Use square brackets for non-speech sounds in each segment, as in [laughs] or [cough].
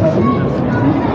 Thank you.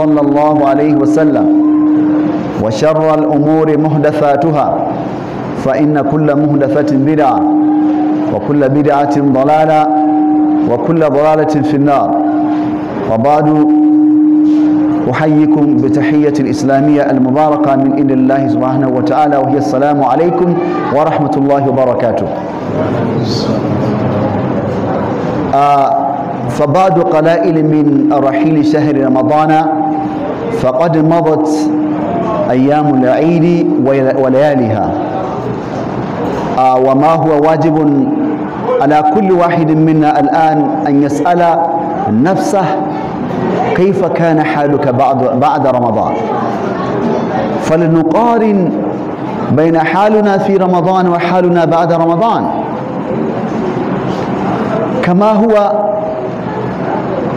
صلى الله عليه وسلم وشر الأمور مهدفاتها فإن كل محدثة بدعة وكل بدعة ضلالة وكل ضلالة في النار وبعد أحييكم بتحية الإسلامية المباركة من إن الله سبحانه وتعالى وهي السلام عليكم ورحمة الله وبركاته آه فبعد قلائل من رحيل شهر رمضان فقد مضت أيام العيد ولياليها آه وما هو واجب على كل واحد منا الآن أن يسأل نفسه كيف كان حالك بعد بعد رمضان فلنقارن بين حالنا في رمضان وحالنا بعد رمضان كما هو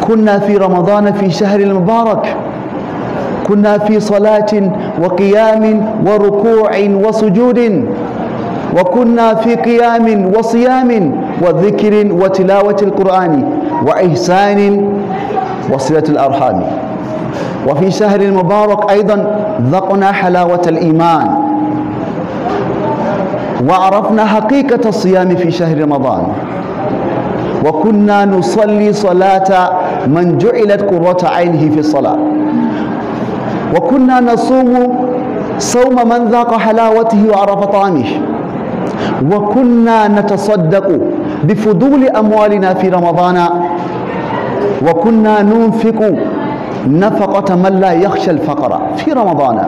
كنا في رمضان في شهر المبارك كنا في صلاة وقيام وركوع وسجود وكنا في قيام وصيام وذكر وتلاوة القرآن وإحسان وصلة الأرحام وفي شهر المبارك أيضا ذقنا حلاوة الإيمان وعرفنا حقيقة الصيام في شهر رمضان وكنا نصلي صلاة من جعلت قرة عينه في الصلاة وكنا نصوم صوم من ذاق حلاوته وعرف طعمه وكنا نتصدق بفضول أموالنا في رمضان وكنا ننفق نفقة من لا يخشى الفقر في رمضان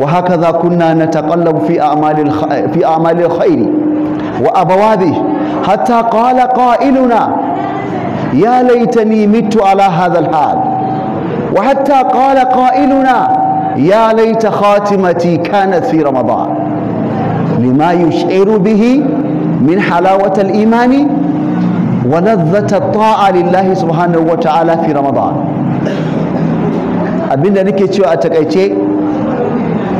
وهكذا كنا نتقلب في أعمال في أعمال الخير وأبوابه حتى قال قائلنا يا ليتني مت على هذا الحال wa hatta qala qailuna ya laita khatimati kanat fi ramadan lima yush'iru bihi min halawati al-imani wa ladhati at-ta'a lillahi subhanahu wa ta'ala fi ramadan abinda nake cewa a takaice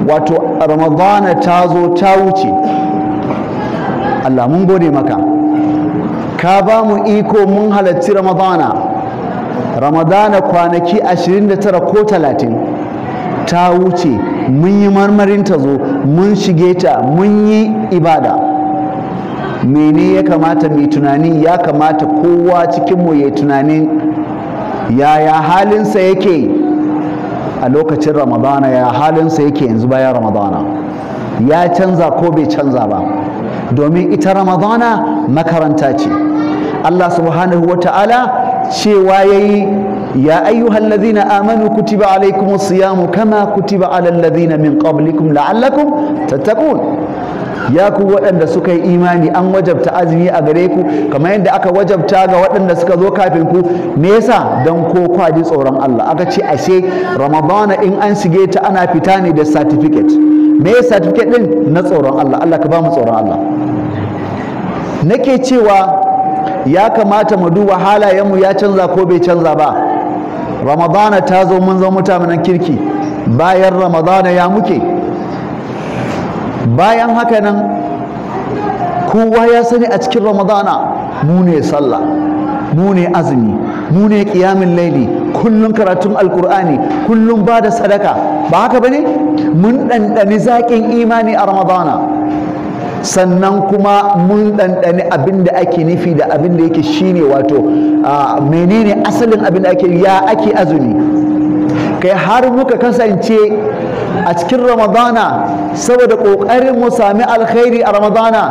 wato ramadana ta zo ta wuce Allah mun maka ka bamu iko mun halarci ramadana ramadana kwanaki 29 ko 30 ta wuce mun yi marmarin ta zo mun shige ta mun yi ibada mene ya kamata mai tunani ya kamata kowa cikinmu ya tunanin yaya halinsa yake a lokacin ramadana ya halinsa yake yanzu bayan ramadana ya canza ko bai canza ba domin ita ramadana makaranta ce allah subhanahu wa ta'ala cewa ya yi ya ayyuhal lazina amanu kutiba alaykumus mu kama kutiba alal na min qablikum la'allakum tattakun. ya ku waɗanda suka yi imani an wajabta azumi a gare ku kamar yadda aka wajabta ga waɗanda suka zo kafin ku me yasa don ko kwaji tsoron Allah aka ce ashe ramadana in an shige ta ana fita ne da satifiket me ya certificate din na tsoron Allah Allah ka ba mu tsoron Allah nake cewa ya kamata mu duba halayenmu ya canza ko bai canza ba ramadana ta zo mun zama mutanen kirki bayan ramadana ya muke bayan haka nan kowa ya sani a cikin ramadana mu ne sallah mu ne azumi mu ne ƙiyamin laili kullum karatun alkur'ani kullum ba da sadaka ba haka ba ne mun ɗanɗani zaƙin imani a ramadana sannan kuma mun ɗanɗani abin da ake nufi da abin da yake shine wato menene asalin abin da ake ya ake azumi kai har muka kasance a cikin ramadana saboda ƙoƙarin mu sami alkhairi a ramadana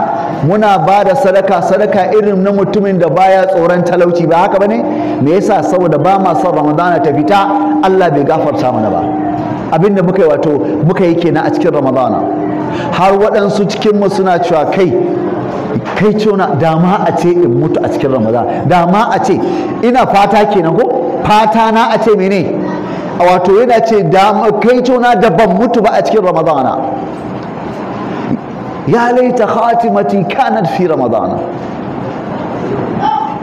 muna ba da sadaka sadaka irin na mutumin da baya tsoron talauci ba haka bane me yasa saboda ba ma son ramadana ta fita Allah bai gafarta mana ba abinda muka yi wato muka yi kenan a cikin ramadana har waɗansu cikinmu suna cewa kai kai cewa dama a ce in mutu a cikin ramadan dama a ce ina fata kenan ko fata na a ce mene wato yana ce dama kai cewa da ban mutu ba a cikin ramadana ya laita khatimati kanat fi ramadana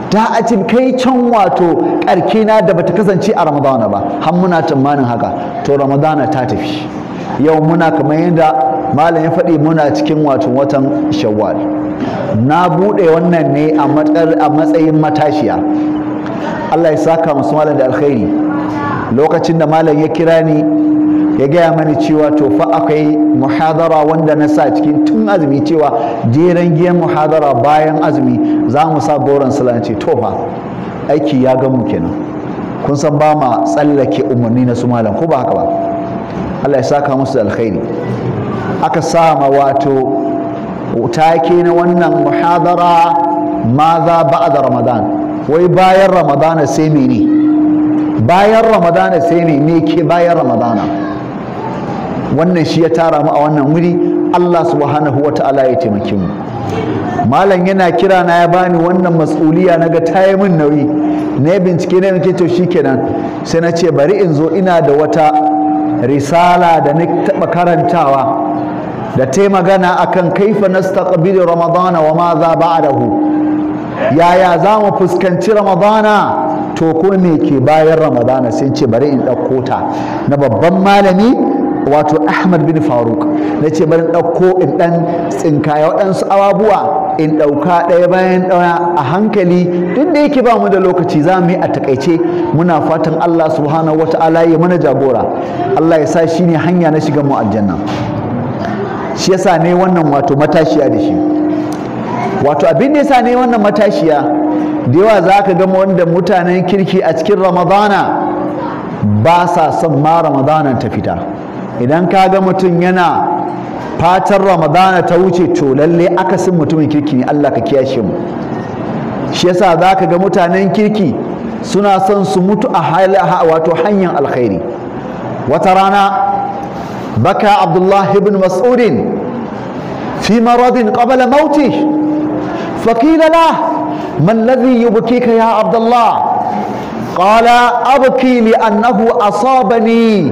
da a ce kai can wato karkina da bata kasance a ramadana ba har muna tsammanin haka to ramadana ta tafi yau muna kamar yadda malam ya faɗi muna cikin wato watan shawwal na buɗe wannan ne a matsayin matashiya Allah ya saka musu malam da alkhairi lokacin da malam ya kira ni ya gaya mani cewa to fa akwai muhadara wanda na sa cikin tun azumi cewa jeran giyan muhadara bayan azumi za mu sa goron ce? to fa aiki ya ga gamu kenan kun san ba ma tsallake umarni na su malam ko ba haka ba Allah ya saka musu alkhairi aka sama wato take na wannan muhadara maza ba'da ramadan wai bayan ramadana sai mene bayan ramadana sai ne ke bayan ramadana wannan shi ya tara mu a wannan wuri Allah subhanahu wa ta'ala ya taimake mu malam yana kira na ya bani wannan mas'uliya naga ta yi min nauyi na bincike na nake to shikenan sai na ce bari in zo ina da wata risala da na taɓa karantawa da ta magana akan kaifa nastaqbilu ramadana wa ma za ba'dahu yaya za mu fuskanci ramadana to ko me ke bayan ramadana sai ce bari in ɗauko ta na babban malami wato ahmad bin faruk na ce bari ɗauko in ɗan tsinkaya waɗansu ababuwa in ɗauka ɗaya bayan ɗaya a hankali duk da yake ba mu da lokaci za mu yi a takaice muna fatan allah subhanahu ta'ala ya mana jagora allah ya sa shi ne hanya na shiga mu aljanna shi yasa ne wannan wato matashiya da shi wato abin da yasa ne wannan matashiya da yawa za ka gama wanda mutanen kirki a cikin ramadana ba sa son ma ramadana ta fita idan ka ga mutum yana fatan ramadana ta wuce to lalle akasin mutumin kirki ne Allah ka kiyashe mu shi yasa za ka ga mutanen kirki suna son su mutu a wato hanyar alkhairi wata rana baka Abdullahi ibn mas'udin fi maradin qabla mauti faqila la man alladhi yubkika ya abdullah qala abki li annahu asabani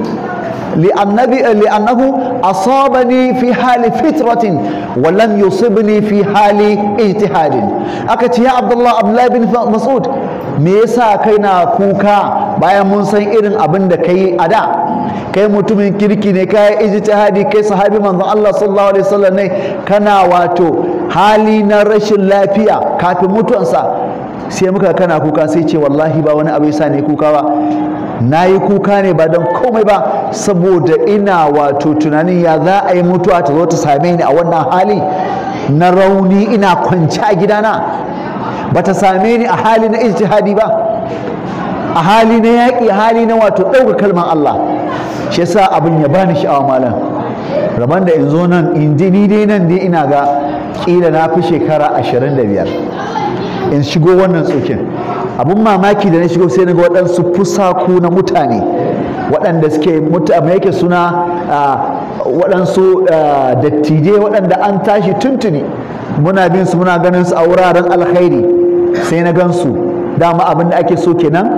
لأنبي لأنه أصابني في حال فترة ولم يصبني في حال اجتهاد أكت يا عبد الله عبد الله بن مسعود me yasa kai na kuka bayan mun san irin abin da kai a da kai mutumin kirki ne kai ijtihadi kai sahabi manzon Allah sallallahu alaihi wasallam ne kana wato hali na rashin lafiya kafin mutuwansa sai muka kana kuka sai ce wallahi ba wani abu yasa ne kuka ba na yi kuka ne ba don komai ba saboda ina wato tunanin ya za a yi mutuwa ta zo ta same ni a wannan hali na rauni ina kwanci a gidana ba ta same ni a hali na ijtihadi ba a hali na yaƙi a hali na wato ɗaukar kalmar Allah shi yasa abin ya bani sha'awa malam rabon da in zo nan in ji ni dai nan ne ina ga ƙila na fi shekara ashirin da biyar in shigo wannan tsokin abun mamaki da na shigo sai na ga waɗansu fusaku na mutane waɗanda suke mutane yake suna waɗansu dattijai waɗanda an tashi tuntuni muna bin su muna ganin su a wuraren alkhairi sai na gansu dama abin da ake so kenan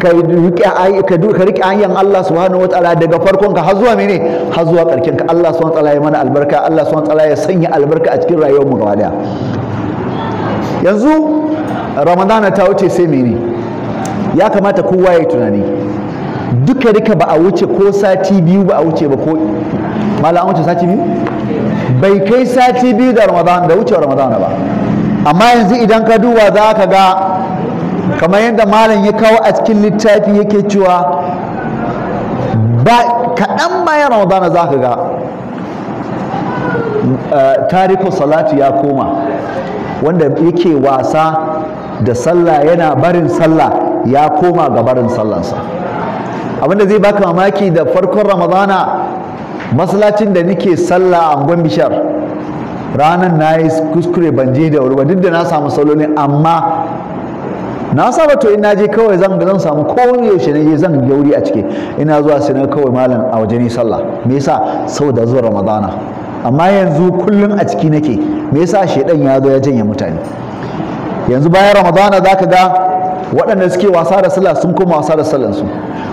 ka riƙe hanyar Allah subhanahu wataala daga farkon ka har zuwa mene har zuwa ƙarshen ka Allah subhanahu wataala ya mana albarka Allah subhanahu wataala ya sanya albarka a cikin rayuwar mu gaba daya yanzu ramadana ta wuce sai mene ya kamata kowa ya tunani duka duka ba a wuce ko sati biyu ba a wuce ba ko malam an wuce sati biyu bai kai sati biyu da ramadana da wuce ramadana ba amma yanzu idan ka duba za ka ga kamar yadda malam ya kawo a cikin littafi yake cewa ba kaɗan bayan ramadana za ka ga eh, tariku salatu ya koma wanda yake wasa da sallah yana barin sallah ya koma ga barin sallansa abinda zai baka mamaki da farkon ramadana masallacin da nike sallah a angon bishar ranar na yi kuskure ban je da wuri ba duk da na samu sallolin amma na saba to in je kawai zan zan samu kowane yaushe na zan gauri a ciki ina zuwa sai kawai malam a waje ne sallah me yasa saboda zuwa ramadana amma yanzu kullum a ciki nake me yasa shedan ya zo ya janye mutane yanzu bayan ramadana za ka ga waɗanda suke wasa da sallah sun koma wasa da sallansu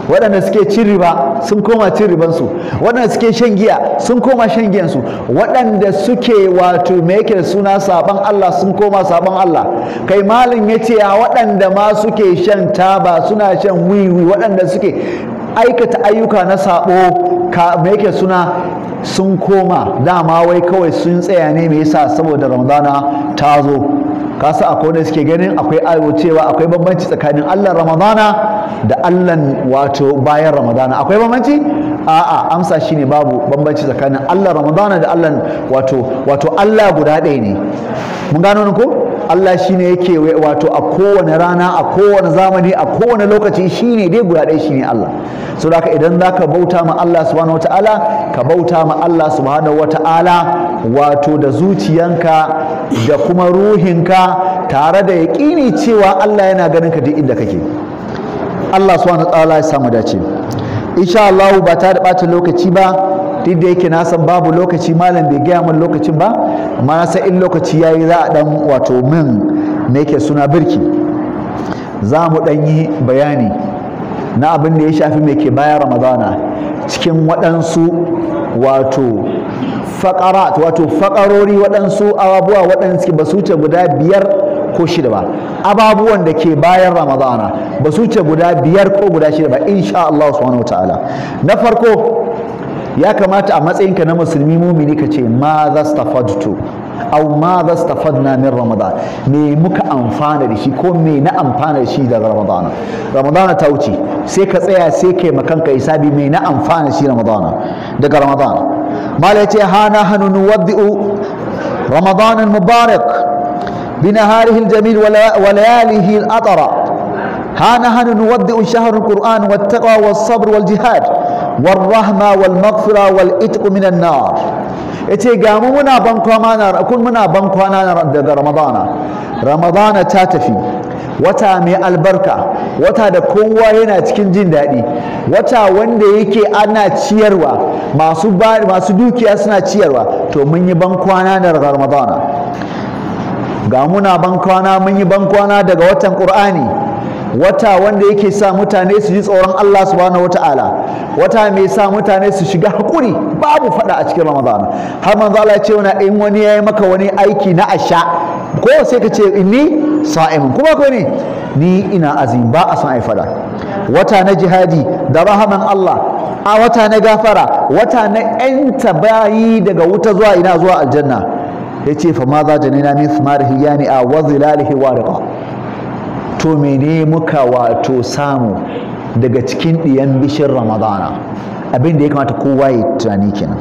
waɗanda suke cin riba sun koma cin ribansu waɗanda suke shan giya sun koma shan giyansu waɗanda suke wato me yake da suna saban Allah sun koma saban Allah kai malin ya ce a waɗanda ma suke shan taba suna shan wiwi waɗanda suke aikata ayyuka na sabo ka me yake suna sun koma dama wai kawai sun tsaya ne me yasa saboda ramadana ta zo kasa akwai wanda suke ganin akwai ayo cewa akwai bambanci tsakanin Allah Ramadana da Allah wato bayan Ramadana akwai bambanci a'a amsa shi ne babu bambanci tsakanin Allah Ramadana da Allah wato wato Allah guda ɗaya ne mun gano ko Allah shi shine yake wato a kowane rana a kowane zamani a kowane lokaci shi ne dai guda ɗaya ne Allah so da idan za ka bauta ma Allah subhanahu wataala ka bauta ma Allah subhanahu wataala wato da zuciyanka da kuma ruhinka tare da yaƙini cewa Allah yana ganin ka duk inda kake Allah subhanahu wataala ya samu dace insha Allah ba ta da ɓata lokaci ba duk da yake na san babu lokaci malam bai gaya min lokacin ba amma na san in lokaci ya yi za a ɗan wato min me ke suna birki za mu ɗan yi bayani na abin da ya shafi mai ke bayan ramadana cikin waɗansu wato faƙarat wato faƙarori waɗansu ababuwa waɗansu ba su ce guda biyar ko shida ba ababuwan da ke bayan ramadana ba su ce guda biyar ko guda shida ba insha Allah subhanahu na farko ya kamata a matsayinka na musulmi mumini ka ce ma za stafadtu au ma za na min ramadan me muka amfana da shi ko me na amfana da shi daga ramadana ramadana ta wuce sai ka tsaya sai kai makanka isabi me na amfana shi ramadana daga ramadana mala yace hana hanu nuwaddi'u ramadan mubarak بنهاره الجميل ولياله الأطرة ها نحن نودع شهر القرآن والتقوى والصبر والجهاد warrahma wal maghfira wal itqu minan nar yace ga mu muna ban kwana kun muna ban kwana daga ramadana ramadana ta tafi wata mai albarka wata da kowa yana cikin jin daɗi wata wanda yake ana ciyarwa masu masu dukiya suna ciyarwa to mun yi ban kwana daga ramadana ga muna ban kwana mun yi ban kwana daga watan qur'ani wata wanda yake sa mutane su ji tsoron Allah subhanahu wataala wata mai sa mutane su shiga hakuri babu fada a cikin Ramadan har manzo Allah ya ce wani in wani yayi maka wani aiki na asha ko sai ka ce inni sa'im kuma ko ne ni ina azim ba a san ai fada wata na jihadi da rahaman Allah a wata na gafara wata na yanta bayi daga wuta zuwa ina zuwa aljanna yace fa ma za janina min thimarihi yani a wazilalihi wariqa to mene muka wato samu daga cikin ɗiyan bishin ramadana abin da ya kamata kowa ya tunani kenan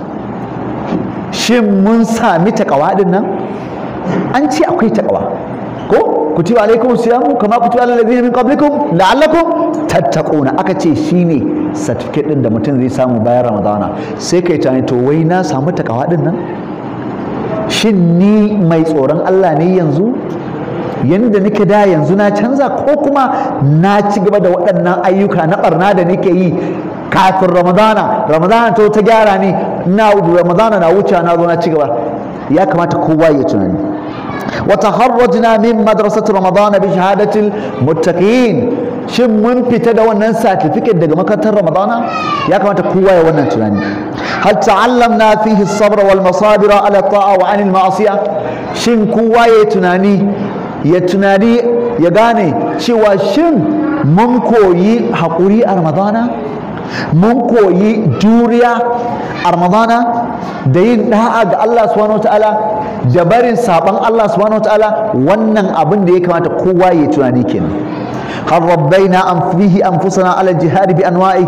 shin mun sami takawa din nan an ce akwai takawa ko kutiba alaikum siyamu kama kutiba alal min qablikum la'allakum tattaquna aka ce shine certificate din da mutum zai samu bayan ramadana sai kai tunani to wai na samu takawa din nan shin ni mai tsoron Allah ne yanzu yadda nake da yanzu na canza ko kuma na ci gaba da waɗannan ayyuka na ɓarna da nake yi kafin ramadana ramadana to ta gyara ni na ramadana na wuce na zo na ci gaba ya kamata kowa ya tunani وتخرجنا من مدرسة رمضان بشهادة المتقين shin mun fita da wannan certificate daga makarantar ramadana ya kamata kowa ya wannan tunani hal ta'allamna fihi sabra wal masabira ala wa anil ma'asiya shin kowa tunani ya gane cewa shin mun koyi haƙuri a ramadana mun koyi juriya a ramadana da yin da'a ga Allah subhanahu ta'ala da barin saban Allah subhanahu ta'ala wannan abin da ya kamata kowa ya tunani kenan har rabbaina an fihi anfusana ala jihadi bi anwa'i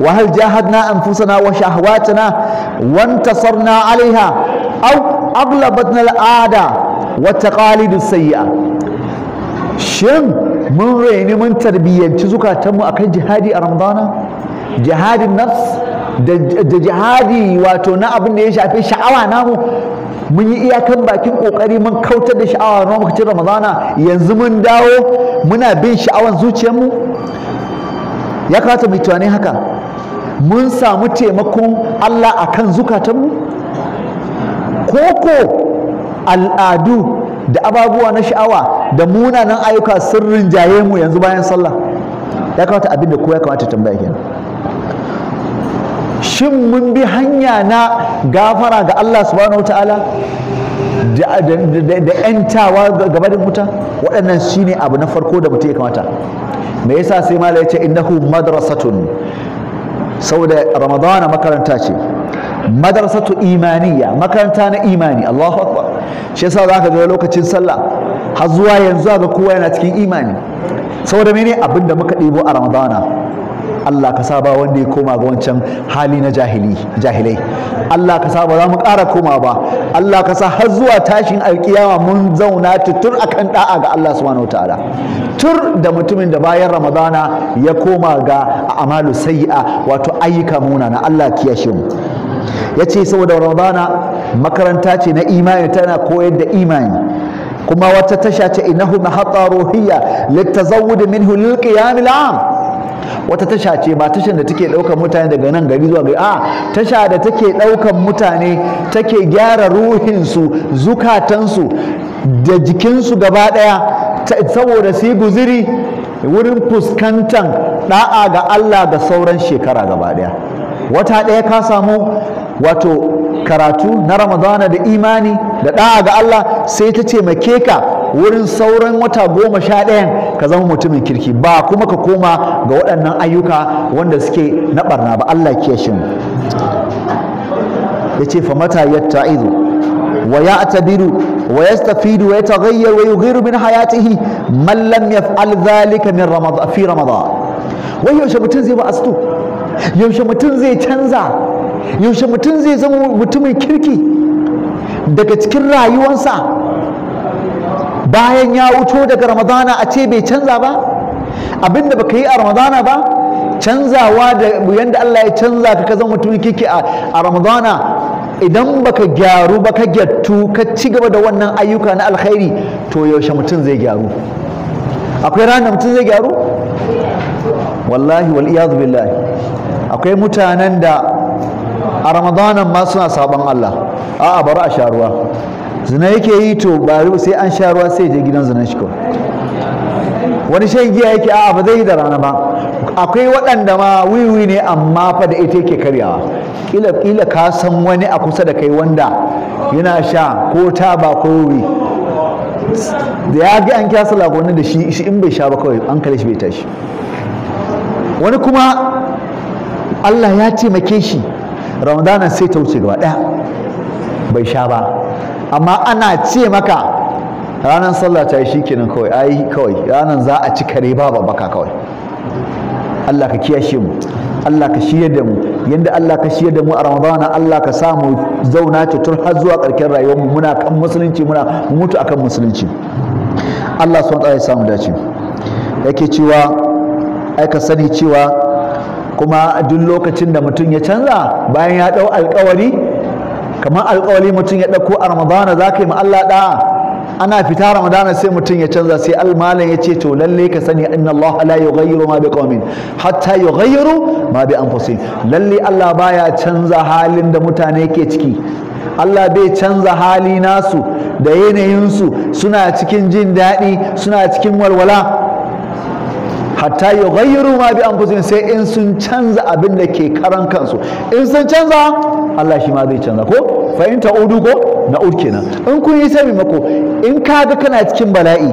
wa hal jahadna anfusana wa shahwatana wa intasarna alaiha aw na al'ada wa taqalidu sayyi'a shin mun raini mun tarbiyyanci zukatanmu akan jihadi a ramadana jihadin nafs da jihadi wato na abin da ya shafi sha'awa namu mun yi iyakan bakin kokari mun kautar da sha'awa na lokacin ramadana yanzu mun dawo muna bin sha'awan zuciyarmu ya kamata mu tunanin haka mun samu taimakon Allah akan zukatanmu koko al'adu da ababuwa na sha'awa da munanan ayyuka sirrin rinjaye mu yanzu bayan sallah ya kamata abin da kowa ya kamata tambaya kenan shin mun bi hanya na gafara ga Allah subhanahu wataala da ‘yantawa gaba da mutan waɗannan shi ne abu na farko da mutum ya kamata me yasa sai mala ya ce innahu madrasatun saboda ramadana makaranta ce Madarsatu imaniya makaranta na imani Allahu akbar shi yasa zaka ga lokacin sallah har zuwa yanzu ga kowa yana cikin imani saboda mene abin da muka ɗebo a ramadana Allah ka saba wanda ya koma ga wancan hali na jahilai Allah ka saba za mu ƙara koma ba Allah ka sa har zuwa tashin alkiyama mun zauna tutur akan da'a ga Allah subhanahu ta'ala tur da mutumin da bayan ramadana ya koma ga amalu sayi'a wato ayyuka muna na Allah kiyashe mu ya ce saboda ramadana makaranta ce na imani tana koyar da imani kuma wata tasha ce innahu mahatta ruhiyya litazawwud minhu lilqiyam al'am wata tasha ce ba tasha da take ɗaukar mutane daga nan gari zuwa gari a tasha da take ɗaukan mutane take gyara ruhinsu zukatansu da jikinsu gaba daya saboda su yi guziri wurin fuskantar ɗa'a ga Allah da sauran shekara gaba daya wata ɗaya ka samu wato karatu na ramadana da imani da ɗa'a ga Allah sai ta ce taimake ka wurin sauran wata goma sha ɗayan ka zama mutumin kirki ba kuma ka koma ga waɗannan ayyuka wanda suke na ɓarna ba Allah ke shi ya ce fa mata yatta'izu wa ويستفيد ويتغير ويغير من حياته من لم يفعل ذلك من رمضان في yaushe mutum zai ba a أستو yaushe mutum zai canza yaushe mutum zai zama mutumin kirki daga cikin rayuwansa bayan ya wuto daga ramadana a ce bai canza ba abinda baka yi a ramadana ba canzawa da yadda Allah ya canza ka ka zama mutumin kirki a ramadana idan baka gyaru baka gyattu ka ci gaba da wannan ayyuka na alkhairi to yaushe mutum zai gyaru akwai ranar mutum zai gyaru wallahi wal billahi akwai mutanen da a ramadanan ma suna sabon Allah a'a bari a sha ruwa zina yake yi to bari sai an sha ruwa sai je gidan zinan shi wani shan giya yake a ba zai yi da rana ba akwai waɗanda ma wiwi ne amma fa da ita yake karyawa Ƙila kila ka san wani a kusa da kai wanda yana sha ko taba ko wuri da ya ga an kyasa lagonin da shi in bai sha ba kawai an kare shi bai tashi wani kuma Allah ya taimake shi ramadanan sai ta wuce gaba ɗaya bai sha ba amma ana ce maka ranar sallah ta yi shi kenan kawai ai kawai ranar za a ci kare ba baka kawai Allah ka kiyashe mu Allah ka shiyar da mu yanda Allah ka shiyar da mu a Ramadana Allah ka sa mu zauna cutar har zuwa ƙarshen rayuwar mu muna kan musulunci muna mutu akan musulunci Allah subhanahu wa ta'ala ya samu dace yake cewa ai ka sani cewa kuma duk lokacin da mutum ya canza bayan ya ɗau alkawari kamar alkawari mutum ya ɗauko a ramadana za ka yi ma Allah ɗa'a ana fita ramadana sai mutum ya canza sai Malam ya ce to lalle ka sani inna Allah la yughayyiru ma biqaumin hatta yughayyiru ma bi anfusihim lalle Allah baya canza halin da mutane ke ciki Allah bai canza hali nasu da yanayinsu suna cikin jin daɗi suna cikin walwala hatta yughayyiru ma bi anfusihim sai in sun canza abin da ke karan kansu in sun canza Allah shi ma zai canza ko fahimta in ko, ko uke kenan in kun yi sami mako in ka ga kana cikin bala'i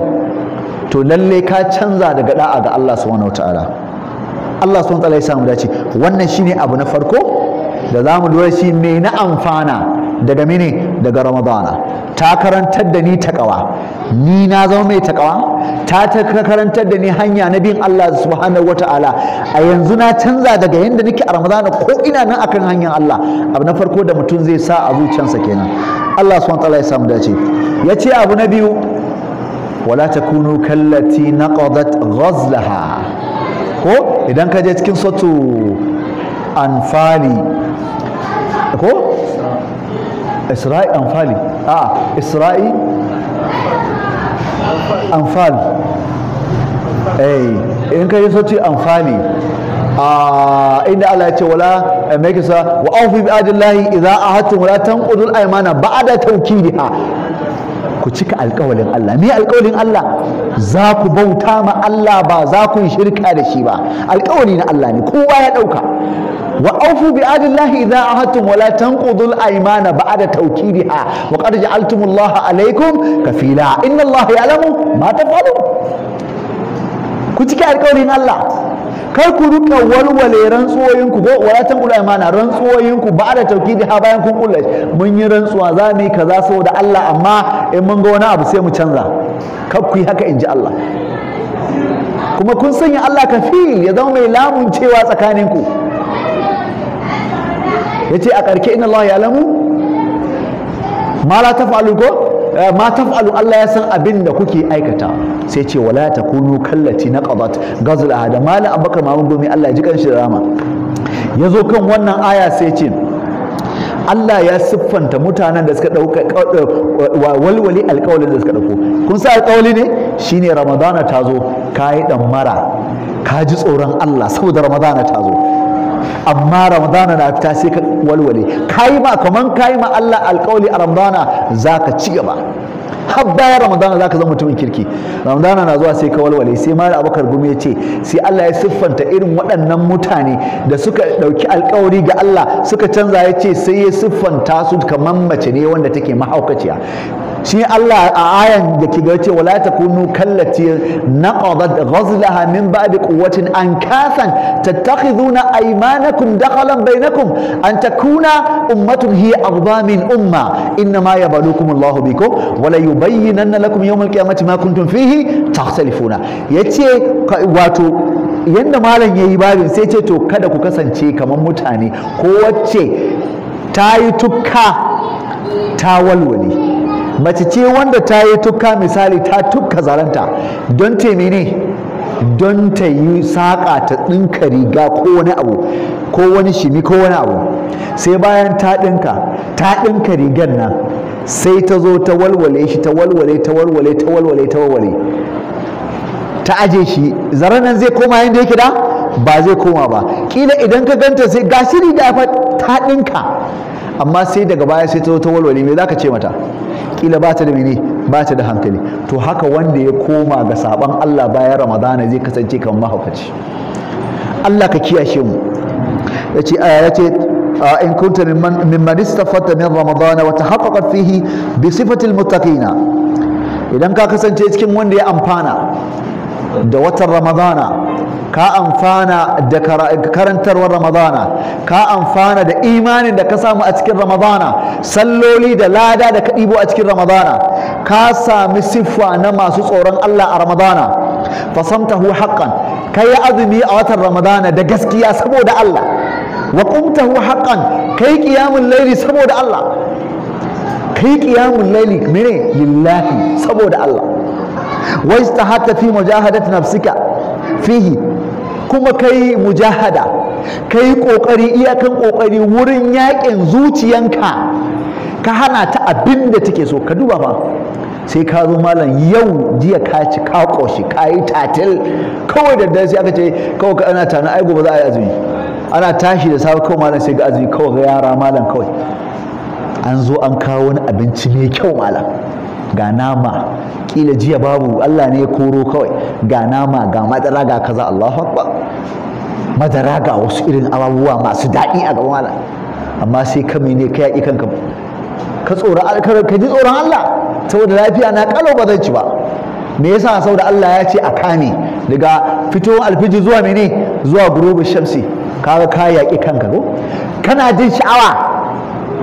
to lalle ka canza daga da'a ga Allah subhanahu wataala Allah subhanahu wataala ya samu dace wannan shine abu na farko da zamu lura shi ne na amfana daga mene daga Ramadana ta karantar da ni takawa ni na zama mai takawa ta karantar da ni hanya na bin Allah subhanahu wata'ala a yanzu na canza daga yanda nake a Ramadana ko ina nan akan hanyar Allah abu na farko da mutum zai sa a zuciyarsa kenan Allah subhanahu wata'ala ya samu dace yace abu na biyu wala takunu kallati naqadat ghazlaha ko idan ka je cikin sotu anfali ko isra'i anfali a isra'i anfal eh in yi so ci anfali a inda Allah ya ce wala eh, mai sa wa aufi bi adillahi idza ahadtum wala tanqudul aymana ba'da tawkidiha ku cika alƙawalin Allah me alƙawalin Allah za ku bauta ma Allah ba za ku yi shirka da shi ba alkawali na Allah ne kowa ya ɗauka? wa aufu bi adillahi idza ahadtum wa la tanqudul aymana ba'da tawkidiha wa qad ja'altumullaha alaykum kafila inna allaha ya'lamu ma taf'alun ku cike alƙawarin Allah kar ku rika walwale ku ko wala tanqudul aymana imana ku ba'da da ha bayan kun kullace mun yi rantsuwa za mu yi kaza saboda Allah amma in mun ga wani abu sai mu canza kar ku yi haka in ji Allah kuma kun sanya Allah kafil ya zama mai lamun cewa tsakaninku Ya ce a karke ina Allah ya alamu ma la taf'alu ko eh, ma taf'alu Allah ya san abin da kuke aikata sai ce wala takunu kallati na da ghazl ahada mala abakar mamun domin Allah ya ji kanshi da rama Ya zo kan wannan aya sai ce Allah ya siffanta mutanen da suka ɗauka walwali alƙawalin da suka ɗauko kun sa alƙawali ne shine ramadana ta zo ka yi ɗan mara ka ji tsoron Allah saboda ramadana ta zo amma ramadana na fita sai ka walwale kai ma kaman kai ma Allah alƙawli a ramadana zaka ci gaba har bayan ramadana zaka zama mutumin kirki ramadana na zuwa sai ka walwale sai mallam abakar gumi ya ce sai Allah ya siffanta irin waɗannan mutane da suka ɗauki alkawari ga Allah suka canza ya ce sai ya siffanta su kaman mace ne wanda take mahaukaciya shi Allah a ayan da ke ga ce wala takunu kallati naqadat ghazlaha min ba'di quwwatin kasan tattakhiduna aymanakum dakhalan bainakum an takuna ummatun hiya afdha min umma ma yabalukum Allah bikum wala yubayyinanna lakum yawm al-qiyamati ma kuntum fihi takhtalifuna yace wato yanda malam yayi babin sai ce to kada ku kasance kamar mutane ko wacce ta yi tukka ta walwale mace ce wanda ta yi tukka misali ta tukka zaranta don teme ne don ta yi saƙa ta ɗinka riga ko wani abu ko wani shimi ko wani abu sai bayan ta ɗinka ta ɗinka rigar nan sai ta zo ta walwale shi ta walwale ta walwale ta walwale ta walwale ta aje shi zaren nan zai koma yadda yake da ba zai koma ba kila idan ka ganta sai gashi riga ta ɗinka amma sai daga baya sai ta zo ta walwale me zaka ce mata kila ba ta da mene ba ta da hankali to haka wanda ya koma ga saban Allah bayan Ramadana zai kasance kamar mahaukaci Allah ka kiyashe mu yace yace in kunta mimman istafata min Ramadana wa tahaqqaqa fihi bi sifatil muttaqina idan ka kasance cikin wanda ya amfana da watan Ramadana ka amfana da karantarwar ramadana ka amfana da imanin da ka samu a cikin ramadana salloli da lada da ka ɗibo a cikin ramadana ka sami siffa na masu tsoron allah a ramadana fasamtahu haƙƙan ka yi azumi a watan ramadana da gaskiya saboda allah wa qumtahu haqqan kai qiyamul laili saboda Allah laili mene lillahi saboda Allah wa istahatta fi mujahadati nafsika fihi kuma kai mujahada kai kokari iyakan kokari wurin yakin zuciyanka ka hana ta abin da take so ka duba fa sai ka zo malam yau jiya ka ci ka koshi ka yi tatil kawai da dare sai aka ce kawai ka ana tana ai gobe za a yi azumi ana tashi da safe kawai malam sai ga azumi kawai ga yara malam kawai an zo an kawo wani abinci mai kyau malam ga nama kila jiya babu Allah ne ya koro kawai ga nama ga madara ga kaza Allahu akbar madara ga wasu irin abubuwa masu daɗi a gaban Allah amma sai ka ne ka yaƙi kanka ka tsora ka ji tsoron Allah saboda lafiya na kalau ba zan ci ba me yasa saboda Allah ya ce a kane daga fito alfiji zuwa mene zuwa gurubin shamsi kaga ka yaƙi kanka ko kana jin sha'awa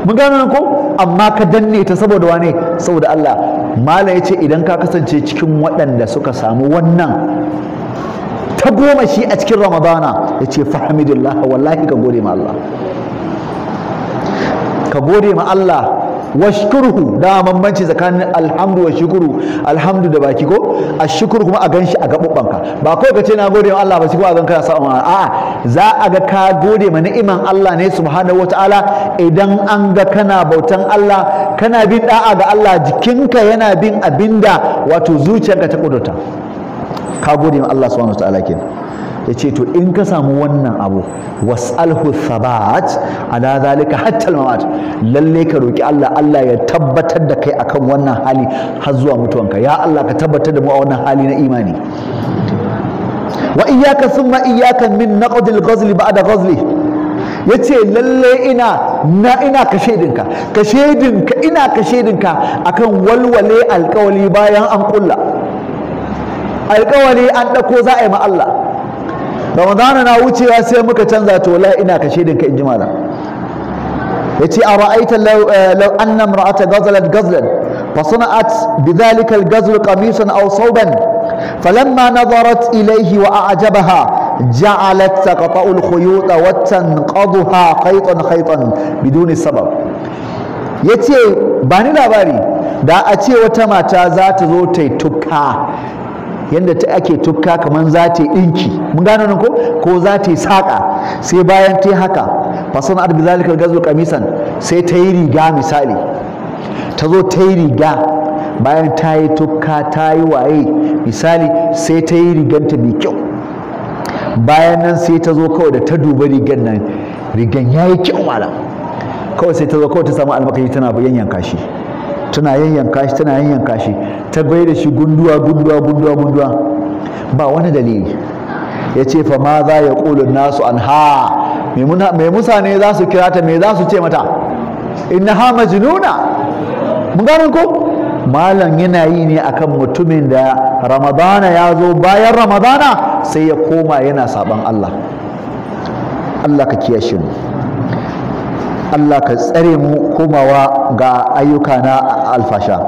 mun gano ko amma ka danne ta saboda wane saboda Allah mala ya ce idan ka kasance cikin waɗanda suka samu wannan ta goma shi a cikin ramadana ya ce fahamidullah wallahi ka gode ma Allah ka gode ma Allah washkurhu da mambanci tsakanin alhamdu wa shukuru alhamdu da baki ko a shukuru kuma a ganshi a gaɓuɓɓanka ba kawai ka ce na gode ma Allah ba shi ko a ganka sa ma a za a ga ka gode ma ni'iman Allah ne subhanahu ta'ala idan an ga kana bautan Allah kana bin da'a ga Allah jikinka yana bin abinda wato zuciyarka ta kudurta ka gode ma Allah subhanahu wataala Ya ce to in ka samu wannan abu was'alhu thabat ala zalika hatta al lalle ka roki Allah Allah ya tabbatar da kai akan wannan hali har zuwa mutuwanka ya Allah ka tabbatar da mu a wannan hali na imani wa iyyaka ma iyakan min naqdil ghazli ba'da ghazli ya ce lalle ina na ina ka shaidinka ka shaidinka ina ka shaidinka akan walwale alkawali bayan an kulla alkawali an ɗauko za a yi ma Allah ramadana na wucewa sai muka canza to la ina ka shaidinka in ji malam ya ce a ra'aita lau eh, anna mar'ata gazalat gazlan fa sana'at bidhalika al-gazl qamisan aw sawban falamma nadarat ilayhi wa a'jabaha ja'alat taqta'ul khuyuta wa tanqaduha qaytan khaytan biduni sabab yace ba ni labari da a ce wata mata za ta zo ta yi tukka yadda ta ake tukka kamar za ta yi ɗinki mun gano nan ko ko za ta yi saƙa sai bayan ta yi haka fasan arbi zalikar gazo kamisan sai ta yi riga misali ta zo ta yi riga bayan ta yi tukka ta yi waye misali sai ta yi riganta mai kyau bayan nan sai ta zo kawai da ta duba rigan nan rigan ya yi kyau malam kawai sai ta zo kawai ta samu almakashi tana yanka shi tana yanka shi tana yanka shi ta bai da shi gunduwa gunduwa gunduwa gunduwa ba wani dalili ya ce fa ma za ya ƙulu nasu an ha mai ne za su kira ta mai za su ce mata inna ha majnuna mun gane ko malam yana yi ne akan mutumin da ramadana ya zo bayan ramadana sai ya koma yana saban Allah Allah ka kiyashe mu Allah ka tsare mu komawa ga ayyuka na alfasha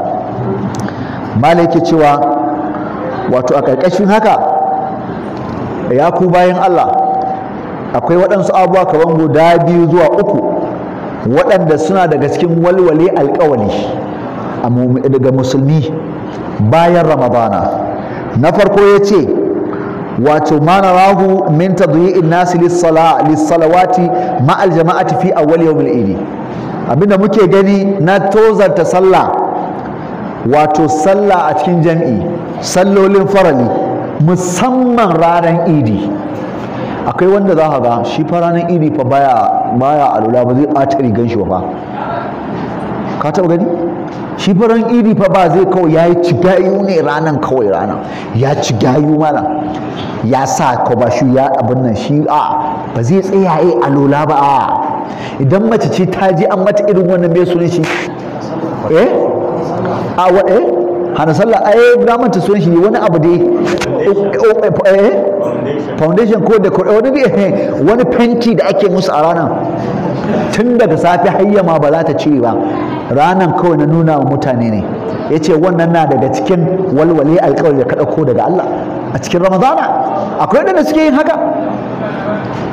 malai cewa wato a ƙarƙashin haka ya ku bayan Allah akwai waɗansu abubuwa kaman guda biyu zuwa uku waɗanda suna daga cikin walwale alƙawali daga musulmi bayan ramadana na farko ya ce wato mana rahu min tadyi'in nasi lis-salawati ma al-jama'ati fi awwal yawm al-eid abinda muke gani na tozarta sallah wato sallah a cikin jami'i, sallolin farali musamman ranar idi akwai wanda za ka ga shi fa ranar idi fa baya baya alula ba zai ɓata rigan shi fa ka taɓa gani shi faran iri fa ba zai kawai ya yi cigayu ne ranan kawai ranan ya cigayu mana ya sa ka ba shi ya abin nan shi a ba zai tsaya a alola ba a idan mace ce ta ji an mata irin wannan mai sunan shi eh a wa eh hana sallah ai eh, na manta sunan shi wani abu dai eh? foundation ko da eh, wani wani fenti da ake musu a ranan tun daga safe hayyama ba za ta cire ba ranan kawai na nuna wa mutane ne ya ce wannan na daga cikin walwale alkawari da ka ɗauko daga Allah a cikin ramadana akwai da suke yin haka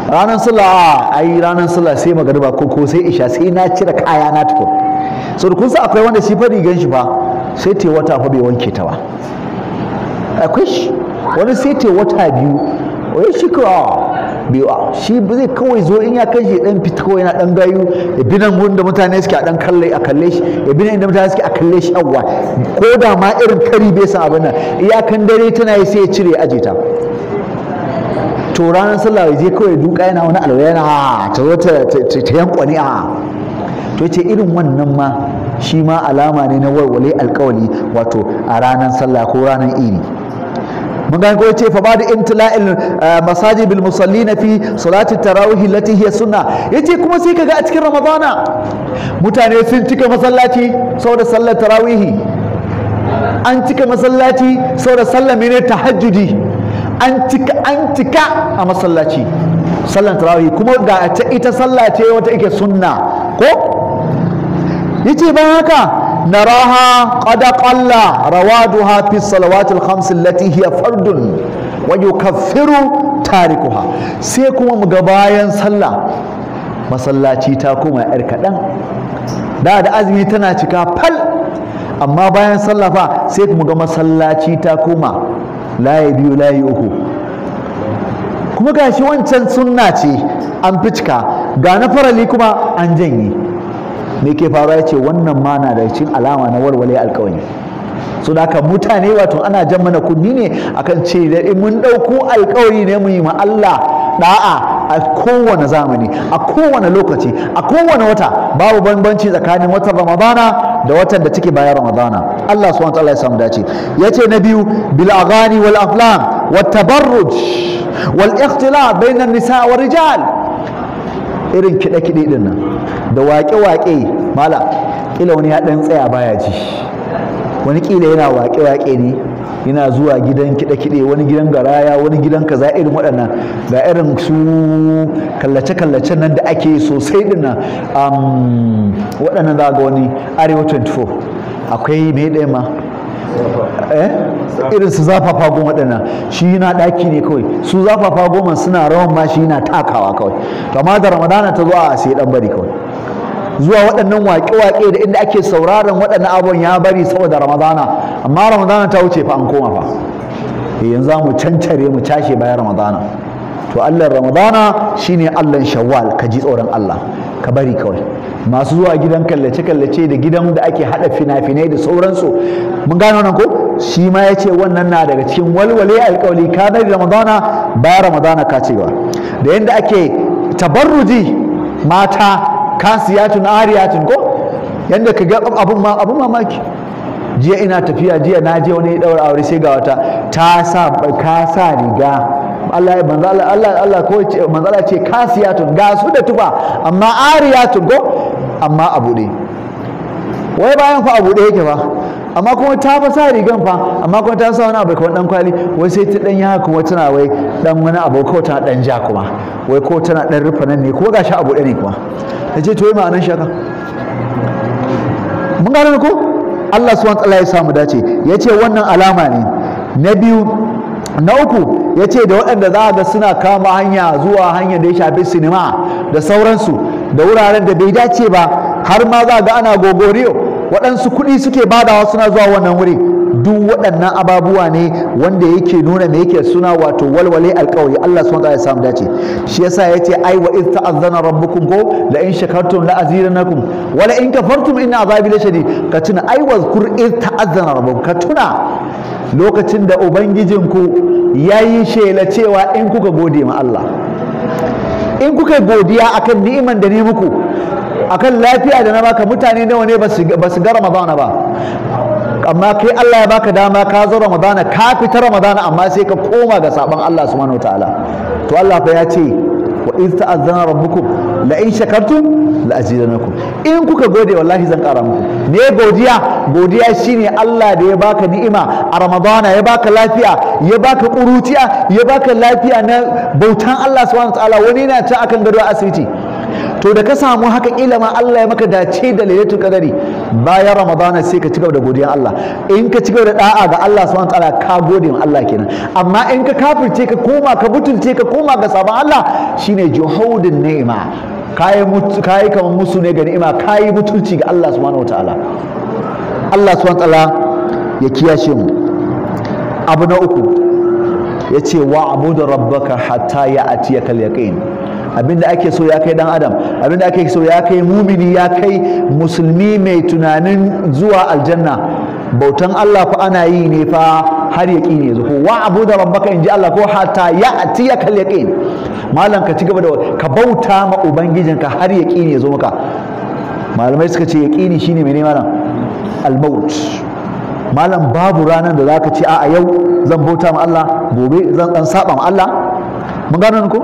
Ranan sallah ai ranan sallah sai magariba ko ko sai isha sai na cire kaya na tukun so kun sa akwai wanda shi fa rigan shi ba sai te wata fa bai wanke ta ba akwai shi wani sai te wata biyu wai shi ko a shi ba zai kawai zo in ya kan shi dan kawai yana dan gayu ya bi nan gurin da mutane suke a dan kalle a kalle shi ya bi nan inda mutane suke a kalle shi awwa ko da ma irin kari bai san abin nan iyakan dare tana yi sai ya cire ya aje ta to ranar sallah zai kawai duka yana wani alwaya na ta zo ta yankwani a to ce irin wannan ma shi ma alama ne na walwale alkawali wato a ranar sallah ko ranar iri mun ga ko ce fa ba'da imtila'il eh, masajid bil musallina fi salati tarawih lati hiya sunna yace kuma sai kaga a cikin ramadana mutane sun cika masallaci saboda sallar tarawih an cika masallaci saboda sallar mene tahajjudi an cika an cika a masallaci sallar tarawih kuma ga ita sallah ce wata ike sunna ko yace ba haka نراها قد قل روادها في الصلوات الخمس التي هي فرد ويكفر تاركها ga bayan sallah masallaci ta koma yar kaɗan da da azumi tana cika fal amma bayan sallah fa sai muga ga masallaci ta koma layi biyu layi uku kuma gashi wancan sunna ce an fi cika ga na farali kuma an janye me ke fara ya ce wannan ma na da cikin alama na warware alkawari so da haka mutane wato ana jan mana kunni ne akan ce da in mun ɗauko alkawari ne mu yi ma Allah da'a a kowane zamani a kowane lokaci a kowane wata babu bambanci tsakanin watan ramadana da watan da cike bayan ramadana Allah subhanahu wataala ya samu dace Ya ce na biyu bil aghani wal aflam wat tabarruj wal ikhtilat bainan nisa wa rijal irin kiɗe-kiɗe ɗin nan da waƙe-waƙe mala ƙila wani ya ɗan tsaya baya ji wani ƙila yana waƙe-waƙe ne yana zuwa gidan kiɗe-kiɗe wani gidan garaya wani gidan kaza irin waɗannan ga irin su kallace-kallace nan da ake sosai ɗin nan waɗannan za ga wani arewa 24 akwai mai ɗaya ma Eh? irin su zafafa goma ɗana, shi yana ɗaki ne kawai su zafafa goma suna rawan ma shi yana takawa kawai to amma da ramadana ta zo a sai dan bari kawai zuwa waɗannan waƙe-waƙe da inda ake sauraron waɗannan abun ya bari saboda ramadana amma ramadana ta wuce fa an koma fa eh, yanzu mu cancare mu cashe bayan ramadana to allah ramadana shine allah shawwal ka ji tsoron allah ka bari kawai masu zuwa gidan kallace-kallace da gidan da ake haɗa fina-finai da sauransu mun gano nan ko shi ma ya ce wannan na daga cikin walwale alƙawali ka da ramadana Ba ramadana ka cewa da yadda ake tabarruji mata kasiyatun ariyatun ko yadda ka ga abun ma abun mamaki jiya ina tafiya jiya na je wani daura aure sai ga wata ta sa ka sa riga Allah ya manzala Allah Allah ko manzala ce kasiyatun ga su da tufa amma ariyatun ko amma a buɗe wai bayan fa a buɗe yake ba? amma kuma ta fa sa rigan fa amma kuma ta sa wani abu kamar dan kwali wai sai ta dan yaka kuma tana wai dan wani abu ko tana dan ja kuma wai ko tana dan rufa nan ne kuma gashi a buɗe ne kuma ta ce to yi ma'anar shi haka mun gane ku? Allah subhanahu wa ta'ala ya samu dace ce wannan alama ne na biyu na uku ya ce da waɗanda za a ga suna kama hanya zuwa hanya da ya shafi sinima da sauransu da wuraren da bai dace ba har ma za ga ana gogoriyo waɗansu kuɗi suke badawa suna zuwa wannan wuri duk waɗannan ababuwa ne wanda yake nuna me yake suna wato walwale alƙawari Allah subhanahu wa ya samu dace shi yasa yace ai wa iz ta'azzana rabbukum ko la in shakartum la azidanakum wa la in kafartum inna azabi lashadid ka tuna ai wa zkur ta'azzana rabbukum ka tuna lokacin da ubangijinku yayi shela cewa in kuka gode ma Allah in kuka godiya akan ni'iman da ni muku akan lafiya da na baka mutane nawa ne ba su ga ramadana ba amma kai Allah ya baka dama ka zo ramadana ka fita ramadana amma sai ka koma ga sabon Allah subhanahu wataala to Allah fa ya ce wa iz ta'azzana rabbukum la in shakartum la azidanakum in kuka gode wallahi zan kara muku me godiya godiya shine Allah da ya baka ni'ima a ramadana ya baka lafiya ya baka ƙuruciya ya baka lafiya na bautan Allah subhanahu wataala wani na can akan gado a asibiti to da ka samu haka kila Allah ya maka dace da lailatul qadari bayan ramadana sai ka cigaba da godiyan Allah in ka cigaba da da'a ga Allah subhanahu wataala ka gode ma Allah kenan amma in ka kafirce ka koma ka butulce ka koma ga sabon Allah shine juhudun ni'ima kayi kamar musu ne ga ni'ima kayi mutunci ga Allah subhanahu wataala Allah subhanahu wataala ya kiyashe mu abu na uku ya ce wa abudu rabbaka hatta ya atiya kal yaqin abinda ake so ya kai dan adam abinda ake so ya kai mumini ya kai musulmi mai tunanin zuwa aljanna bautan Allah fa ana yi ne fa har ne zuwa wa abu da rabbaka inji Allah ko hatta ya'ti yakal yaqin malam ka ci gaba da ka bauta ma ubangijinka har ne zuwa maka malamai suka ce ne shine mene malam al-maut malam babu ranar da zaka ce a yau zan bauta ma Allah gobe zan dan saba ma Allah mun gano ko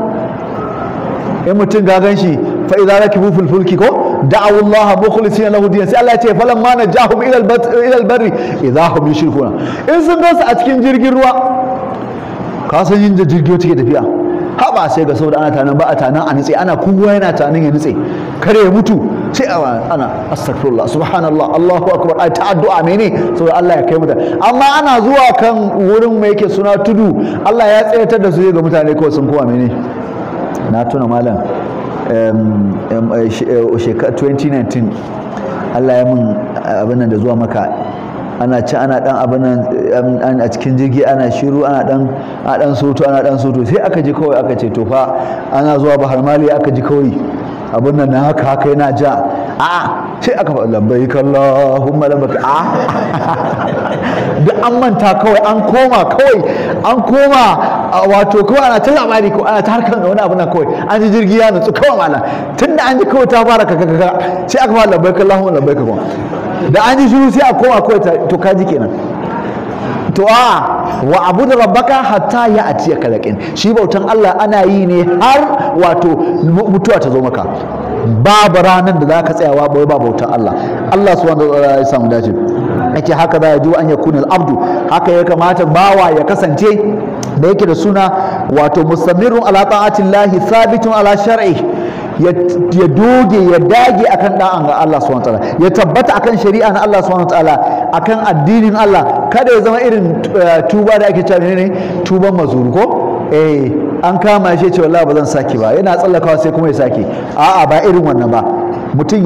in mutum ga ganshi fa idza rakibu fil fulki ko da'u Allah mukhlisina lahu din sai Allah ya ce falan ma jahum ila ila albarri idza hum yushrikuna in sun su a cikin jirgin ruwa ka san yin da jirgin take tafiya haba sai ga saboda ana tanan ba a tanan a nitse ana kowa yana tanan ya nutse kare ya mutu sai ana astaghfirullah subhanallah Allahu akbar ai ta addu'a mene saboda Allah ya kai mutane amma ana zuwa kan wurin mai yake suna tudu Allah ya tsayatar da su ga mutane kawai sun kowa mene na tuna malam 2019 eh, eh, allah ya mun eh, abin nan da zuwa maka ana ci ana dan abin nan a cikin jirgi ana shiru ana dan a dan soto ana dan soto sai aka ji kawai aka ce tofa ana zuwa bahar mali aka ji kawai abin nan na haka haka yana ja a sai aka lambai kallahu allahumma lambai a [laughs] Da an manta kawai an koma kawai an koma wato kawai ana ta labari ko ana ta harkar da wani abu na kawai an ji jirgi ya nutsu kawai mala tunda an ji kawai ta fara kaka kaka sai aka fara labbaik Allahu labbaik kuma da an ji shiru sai a koma kawai to ji kenan to a wa abu da rabbaka hatta ya atiya kalakin shi bautan Allah ana yi ne har wato mutuwa ta zo maka babu ranar da za ka tsayawa ba bautan Allah Allah su wanda ta'ala ya samu dace nake haka za ya ji an ya kuna abdu haka ya kamata bawa ya kasance da yake da suna wato mustamirun ala lahi sabitun ala shar'i ya doge ya dage akan da'an ga Allah subhanahu wataala ya tabbata akan shari'a na Allah subhanahu Ta'ala, akan addinin Allah kada ya zama irin eh, tuba da ake cewa ne tuban mazuru ko eh an kama shi ce wallahi ba zan saki ba yana tsallakawa sai kuma ya saki a'a ba irin wannan ba mutum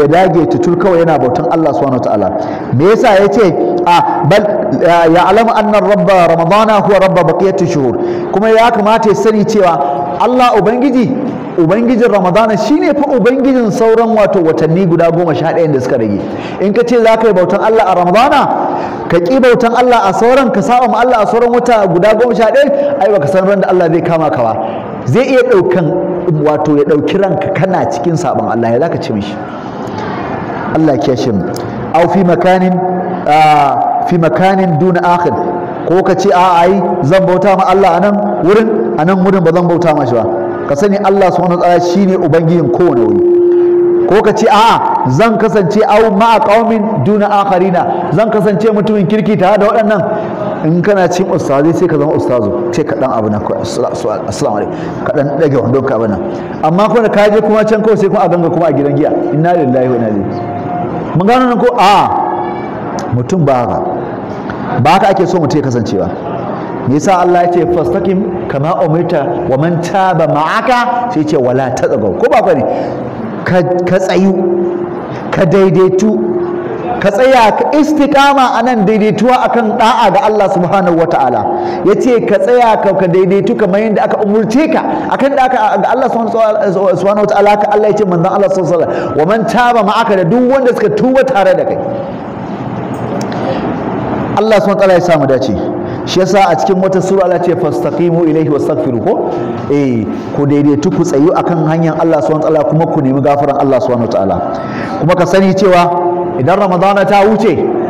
ya dage tutur kawai yana bautan Allah subhanahu ta'ala me yasa ce a ah, bal ya alama annan rabba ramadana huwa rabba baqiyatu shuhur kuma ya kamata ya sani cewa Allah ubangiji ubangijin ramadana shine fa ubangijin sauran wato watanni guda goma sha ɗaya da suka rage in ka ce za ka yi bautan Allah a ramadana ka ƙi bautan Allah a sauran ka saba ma Allah a sauran wata guda goma sha ɗaya ai baka san ran da Allah zai kama ka ba zai iya ɗaukan wato ya ɗauki ranka kana cikin sabon Allah ya zaka ci mishi Allah ya shi au fi makanin fi makanin duna akhir ko ka ce a ai zan bauta ma Allah anan wurin anan wurin ba zan bauta ma shi ba ka sani Allah subhanahu wataala ta'ala shine ubangijin kowane wuri ko ka ce a'a zan kasance au ma'a qaumin duna akharina zan kasance mutumin kirki tare da waɗannan in kana cin ustazi sai ka zama ustazu ka kaɗan abu na assalamu alaikum kaɗan dage wandon ka bana amma kuma ka je kuma can kawai sai kuma a ganga kuma a gidan giya inna lillahi wa inna ilaihi mun gano nan ko a mutum ba haka ba haka ake so mutum ya kasance ba me yasa Allah ya ce fastaqim kama umirta wa man taba ma'aka sai ce wala tazagaw ko ba ka ne ka tsayu ka daidaitu ka tsaya ka istiqama nan daidaituwa a kan da'a ga Allah subhanahu Ya ce ka tsaya ka ka daidaitu kamar yadda aka umurce ka kan da aka ga Allah subhanahu ta'ala, ka Allah ya ce manzan Allah subhanahu wa ta'ala. wa man taba ma'aka da duk wanda suka tuba tare da kai Allah subhanahu ta'ala ya samu dace shi yasa a cikin wata sura Allah ce fastaqimu ilaihi wastaghfiru ko eh ku daidaitu ku tsayu akan hanyar Allah subhanahu wataala kuma ku nemi gafaran Allah subhanahu wataala kuma ka sani cewa idan ramadana ta wuce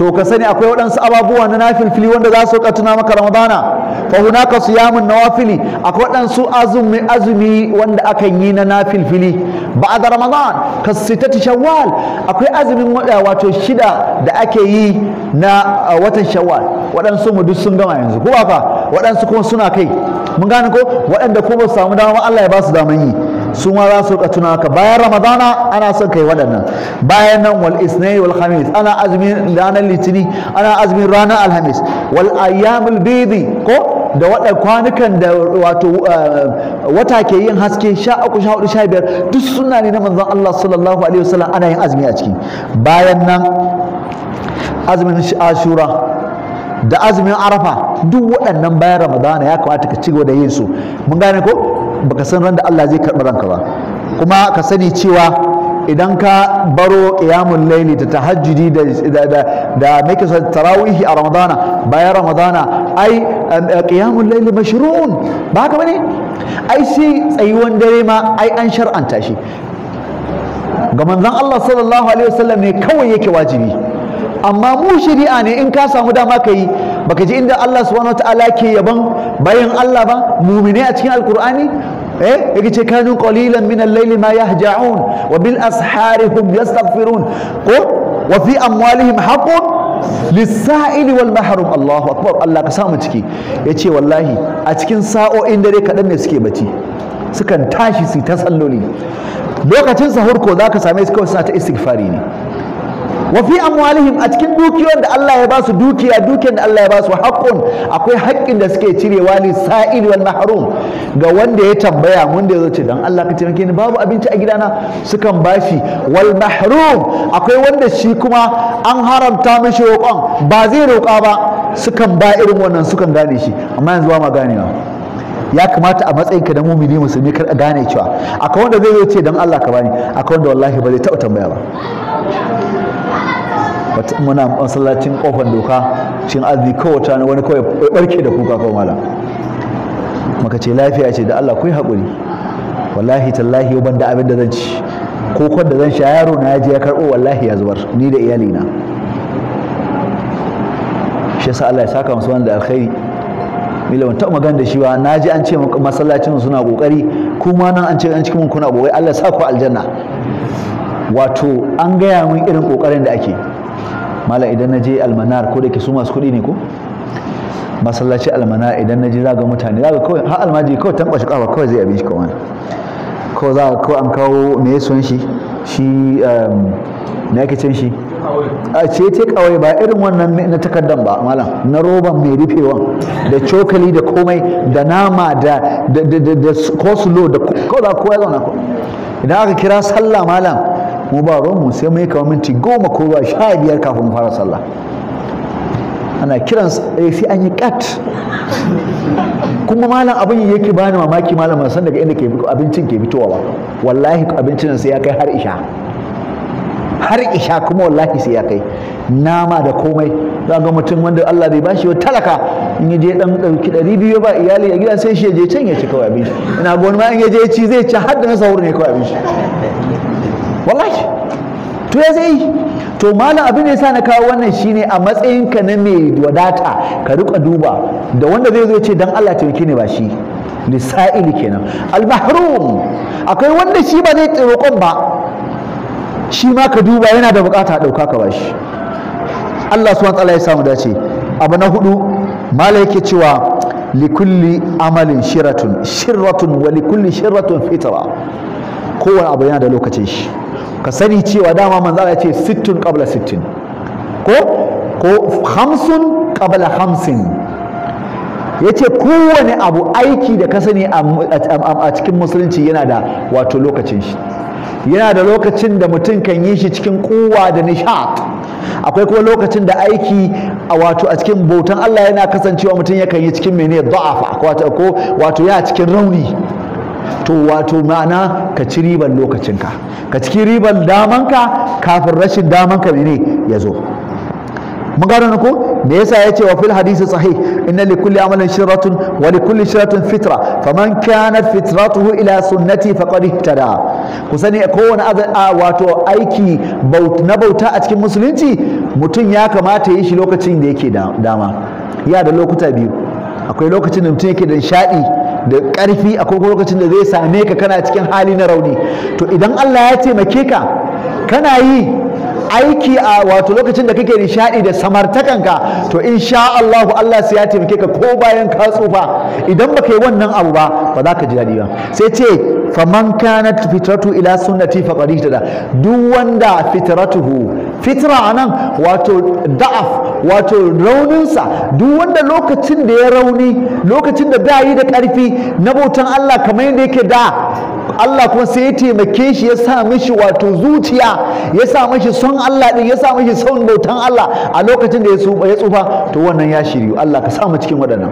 to ka sani akwai waɗansu ababuwa na nafilfili wanda za su ka tuna maka ramadana fa hunaka siyamun nawafili akwai waɗansu azumi azumi wanda akan yi na nafilfili ba ba'da ramadan ka sitati shawwal akwai azumin wato shida da ake yi na watan shawwal waɗansu mu duk gama yanzu ko fa waɗansu kuma suna kai mun gane ko waɗanda ko ba su samu dama Allah ya ba su daman yi su ma za su ka tuna ka bayan ramadana ana son kai waɗannan bayan nan wal isnai wal khamis ana azumin ranar litini ana azumin ranar alhamis wal ayyamul bidi ko da waɗa kwanukan da wato eh, wata ke yin haske sha uku sha hudu sha biyar duk suna ne na manzon Allah sallallahu alaihi wasallam ana yin azumi a ciki bayan nan azumin ashura da azumin arafa duk waɗannan bayan ramadana ya kamata ka ci gaba da yin su mun gane ko baka san ran da Allah zai karɓi ranka ba kuma ka sani cewa idan ka baro qiyamul laili da tahajjudi da da da make tarawihi a ramadana bayan ramadana ai eh, qiyamul laili mashru'un ba haka bane ai shi tsayuwan dare ma ai an shar'anta shi ga manzon Allah sallallahu alaihi wasallam ne kawai yake wajibi amma mu shari'a ne in ka samu dama ka yi baka ji inda Allah subhanahu wataala ke yaban bayan Allah ba mumine a cikin alkur'ani eh yake ce kanu qalilan min al-layli ma yahja'un wa bil ashari hum yastaghfirun ko wa fi amwalihim haqqun lissa'ili wal mahrum Allahu akbar Allah ka samu ciki yace wallahi a cikin sa'o'in dare kaɗan ne suke bati, sukan tashi su ta salloli lokacin sahur ko zaka same su kawai suna ta istighfari ne wa fi amwalihim a cikin dukiyar da Allah ya ba su dukiya dukiyar da Allah ya ba su haqqun akwai haƙƙin da suke cirewa ne sa'il wal mahrum ga wanda ya tambaya mun da yazo dan Allah ka taimake ni babu abinci a gidana sukan bashi wal mahrum akwai wanda shi kuma an haramta mishi roƙon ba zai roƙa ba sukan ba irin wannan sukan gane shi amma yanzu ba ma ganewa ya kamata a matsayin ka da mumini musulmi kar a gane cewa akwai wanda zai ce dan Allah ka bani akwai wanda wallahi ba zai taɓa tambaya ba muna masallacin kofar doka cin azumi kowace ne wani kawai barke da kuka kawai mala maka ce lafiya ce da Allah kai haƙuri wallahi tallahi yau banda abin da zan ci kokon da zan sha yaro na yaji ya karɓo wallahi ya zubar ni da iyalina shi yasa Allah ya saka musu wanda alkhairi milawan ta magana da shi wa na ji an ce masallacin suna kokari kuma nan an ce an cikin kuna kokari Allah ya sa ku aljanna wato an gaya min irin kokarin da ake mala idan na je almanar ko da ke su masu kuɗi ne ko masallaci almanar idan na je za mutane za kawai har almaji kawai tan kawai zai abin shi kawai ko za kawai an kawo me son shi shi na ehm, yake cin shi a ce ce kawai ba irin wannan na takardan ba malam na roban mai rufewa da cokali da komai da nama da da da da kosulo da ko za kowa zauna ko idan aka kira sallah malam mu ba mu sai mun yi kamar minti goma ko ba sha biyar kafin mu fara sallah ana kiran eh, sai an yi kat kuma malam abin yake bani mamaki malam san daga inda ke abincin ke fitowa ba wallahi abincin sai ya kai har isha har isha kuma wallahi sai ya kai nama da komai za ga mutum wanda Allah bai bashi wa talaka in ya je dan dauki ɗari biyu ba iyali a gida sai shi ya je can ya ci kawai abin ina ga wani ma in ya je ci zai ci har da na sahur ne kawai abin wallahi to ya zai to malam abin da yasa na kawo wannan shine a matsayin ka na mai wadata ka rika duba da wanda zai zo ce dan Allah taimake ne ba shi lisa'ili kenan al-mahrum akwai wanda shi ba zai roƙon ba shi ma ka duba yana da bukata dauka ka bashi Allah subhanahu ta'ala ya samu dace abu na hudu malam yake cewa likulli amalin shiratun shiratun wa likulli shiratun fitra kowane abu yana da lokacin shi ka sani cewa dama manzo Allah ce sittun qabla sittin ko ko hamsun qabla hamsin yace kowane abu aiki da ka sani a cikin musulunci yana da wato lokacin shi yana da lokacin da mutum kan yi shi cikin kowa da nishad. akwai kuma lokacin da aiki a wato a cikin bautan Allah yana kasancewa mutum yakan yi cikin mene da'afa wato yana cikin rauni to wato ma'ana ka ci ribar lokacinka ka ciki ribar damanka kafin rashin damanka ne ya zo mun gano ko me yasa yace wa fil hadisi sahih inna li kulli amalin shiratun wa li kulli shiratin fitra faman kanat fitratuhu ila sunnati faqad ihtada ku sani kowane wato aiki na bauta a cikin musulunci mutum ya kamata yi shi lokacin da yake dama ya da lokuta biyu akwai lokacin da mutum yake da nishaɗi da ƙarfi a kogon lokacin da zai same ka kana cikin hali na rauni to idan Allah ya taimake ka kana yi aiki a wato lokacin da kake nishadi da samartakanka to insha Allah Allah sai ya taimake ka ko bayan ka tsufa idan baka yi wannan abu ba ba za ka ji daɗi ba sai ce faman kana fitratu ila sunnati faqad da. duk wanda fitratuhu fitra anan wato da'af wato rauninsa duk wanda lokacin da ya rauni lokacin da ba yi da ƙarfi na bautan Allah kamar yadda yake da Allah kuma sai ya taimake shi ya sa mishi wato zuciya ya sa mishi son Allah din ya sa mishi son bautan Allah a lokacin da ya tsufa to wannan ya shiryu Allah ka sa mu cikin waɗannan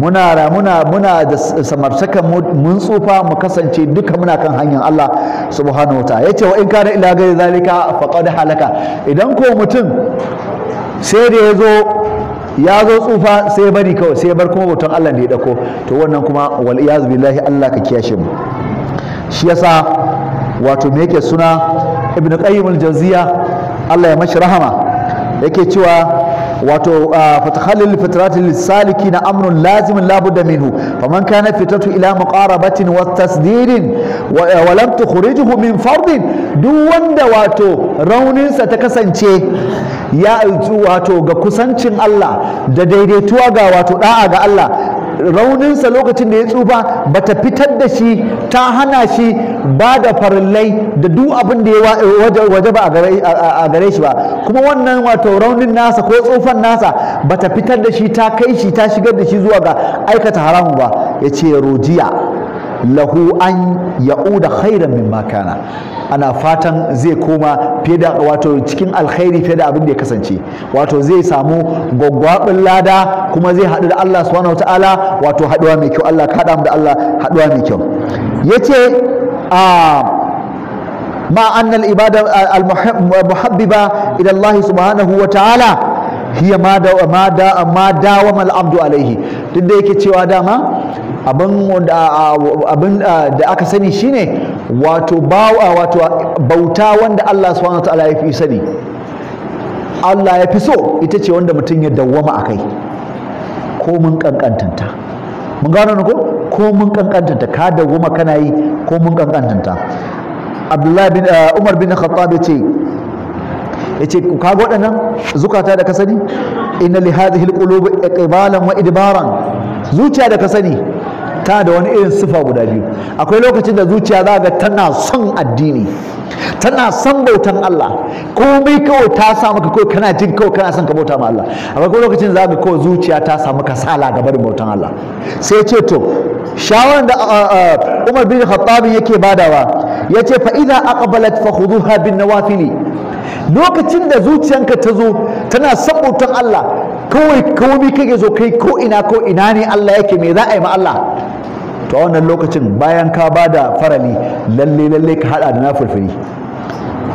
muna muna muna da samartaka mun tsufa mu kasance duka muna kan hanyar Allah subhanahu wa ta'ala yace wa in kana ila ghairi zalika faqad halaka idan ko mutum sai da yazo zo ya zo tsufa sai bari kawai sai bar kuma hoton Allah da ya dako to wannan kuma wal iyaz billahi Allah ka kiyashe mu shi yasa wato me yake suna ibn qayyim al-jawziya Allah ya mashi rahama yake cewa wato ah, fatahalil fitrat lisaliki na amrun lazimin labudda minhu faman kana fitatu ila muqarabatin wa tasdirin eh, wa lam tukhrijuhu min fardin duk wanda wato rauninsa ta kasance ya wato ga kusancin Allah da daidaituwa ga wato da'a ga Allah rauninsa lokacin da ya tsufa bata fitar da shi ta hana shi ba da farillai da duk abin da ya waje ba a gare shi ba kuma wannan wato raunin nasa ko tsufan nasa bata fitar da shi ta kai shi ta shigar da shi zuwa ga aikata haramu ba ya ce rojiya lahu an ya'uda khairan mimma kana ana fatan zai koma fiye da wato cikin alkhairi fiye da abin da ya kasance wato zai samu gwaggwabin lada kuma zai haɗu da Allah subhanahu wataala wato haɗuwa mai kyau Allah ka haɗa mu da Allah haɗuwa mai kyau yace a ah, ma annal ibada al muhabbiba ila Allah subhanahu wataala ta'ala hiya ma da ma da ma mal abdu alaihi duk da yake cewa dama abin da aka sani shine wato ba wato bauta wanda Allah subhanahu wa ta'ala ya fi sani Allah ya fi so ita ce wanda mutum ya dawwama akai ko mun kankantanta mun gano ne ko ko mun kankantanta ka dawwama kana yi ko mun kankantanta Abdullahi bin Umar bin Khattab ya ce yace ka waɗannan zukata da ka sani inna li hadhihi alqulub iqbalan wa idbaran zuciya da ka sani ta da wani irin sifa guda biyu akwai lokacin da zuciya za ga tana son addini tana son bautan Allah komai kawai ta sa maka kawai kana jin kawai kana son ka bauta ma Allah akwai lokacin za ga kawai zuciya ta sa maka sala ga barin bautan Allah sai ce to shawaran da Umar bin Khattab yake badawa yace fa idza aqbalat fa khuduha bin nawafili lokacin da zuciyanka ta zo tana sabbautan Allah kawai kawai kake zo kai ko ina ko ina ne Allah yake me za a yi ma Allah to wannan lokacin bayan ka ba da farali lalle lalle ka hada da na furfuri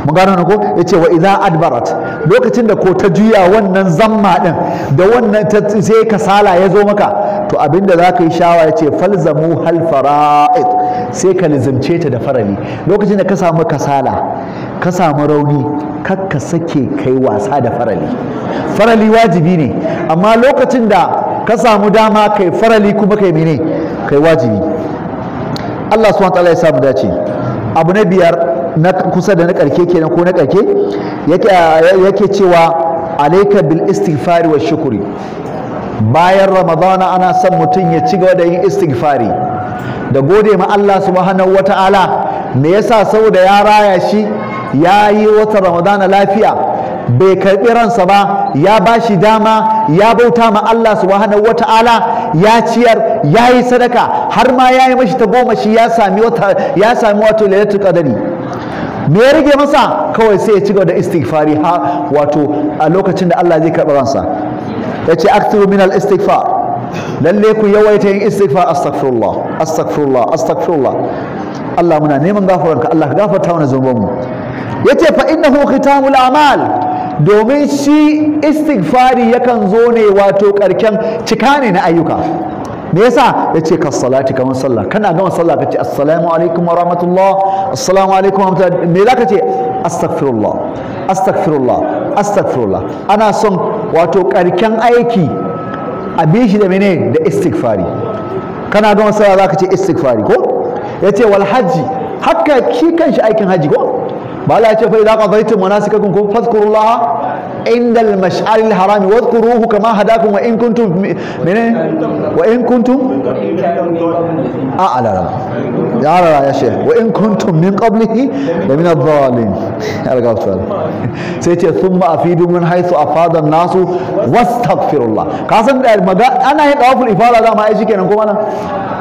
mun gano ko ya wa idza adbarat lokacin da ko ta juya wannan zamma din da wannan ta sai kasala ya zo maka to abinda za ka yi shawa ya ce falzamu hal fara'id sai ka lizimce ta da farali lokacin da ka samu kasala ka samu rauni kakka sake kai wasa da farali farali wajibi ne amma lokacin da ka samu dama kai farali kuma kai mene kai wajibi Allah subhanahu ta'ala ya samu dace abu na biyar na kusa da na karke kenan ko na karke yake cewa alaika bil istighfari wa shukuri bayan ramadana ana son mutum ya ci gaba da yin istighfari da gode ma Allah subhanahu wata'ala me yasa saboda ya raya shi ya yi wata ramadana lafiya bai karɓi ransa ba ya ba shi dama ya bauta ma Allah subhanahu wa ta'ala ya ciyar ya yi sadaka har ma ya yi mashi ta goma shi ya sami wato lalatu qadari me ya rage masa kawai sai ya ci gaba da istighfari ha wato a lokacin da Allah zai karɓi ransa ya ce aktiru min al istighfar lalle ku yawaita yin istighfar astaghfirullah astaghfirullah astaghfirullah Allah muna neman gafaranka Allah ka gafarta mana zunubanmu yace fa innahu khitamul a'mal domin shi istighfari yakan zo ne wato karken cika ne na ayyuka me yasa yace ka salati kaman sallah kana gama sallah kace assalamu alaikum wa rahmatullah assalamu alaikum wa rahmatullah me zaka ce astaghfirullah astaghfirullah astaghfirullah ana son wato karken aiki a bi shi da mene da istighfari kana gama sallah zaka ce istighfari ko yace wal hajji haka shi kanshi aikin haji ko بلا شفا إذا قضيتم مناسككم فاذكروا الله عند المشعر الحرام واذكروه كما هداكم وإن كنتم من وإن كنتم آه لا لا يا لا لا يا شيخ وإن كنتم من قبله لمن الضالين [laughs] [laughs] سيتي ثم أفيد من حيث أفاد الناس واستغفر الله قاسم آه، قال ما أنا هيك أوف الإفادة لا ما أيش كنا كمان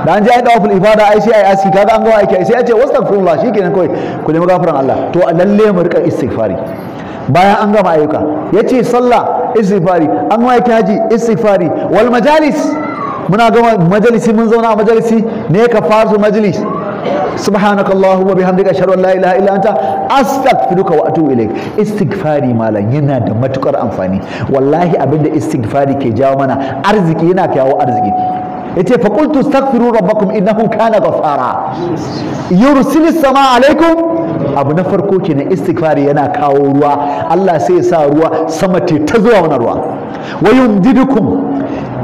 dan jai da ofin ibada aishi ai aski kaga an gowa aiki sai yace wastagfirullah shikenan kai ku ne magafaran Allah to lalle mu rika istighfari bayan an gama ayyuka yace sallah istighfari an ma yake haji istighfari wal majalis muna gama majalisi mun zauna a majalisi ne ka farzu majalis سبحانك اللهم وبحمدك اشهد ان لا اله الا انت استغفرك واتوب اليك استغفاري مالن yana da matukar amfani wallahi abinda istighfari ke jawo mana arziki yana kawo arziki yace fa qultu astaghfiru rabbakum innahu kana ghafara yursilis samaa alaikum abu na farko kenan istighfari yana kawo ruwa Allah sai ya sa ruwa sama te ta zuwa wani ruwa wayun yumdidukum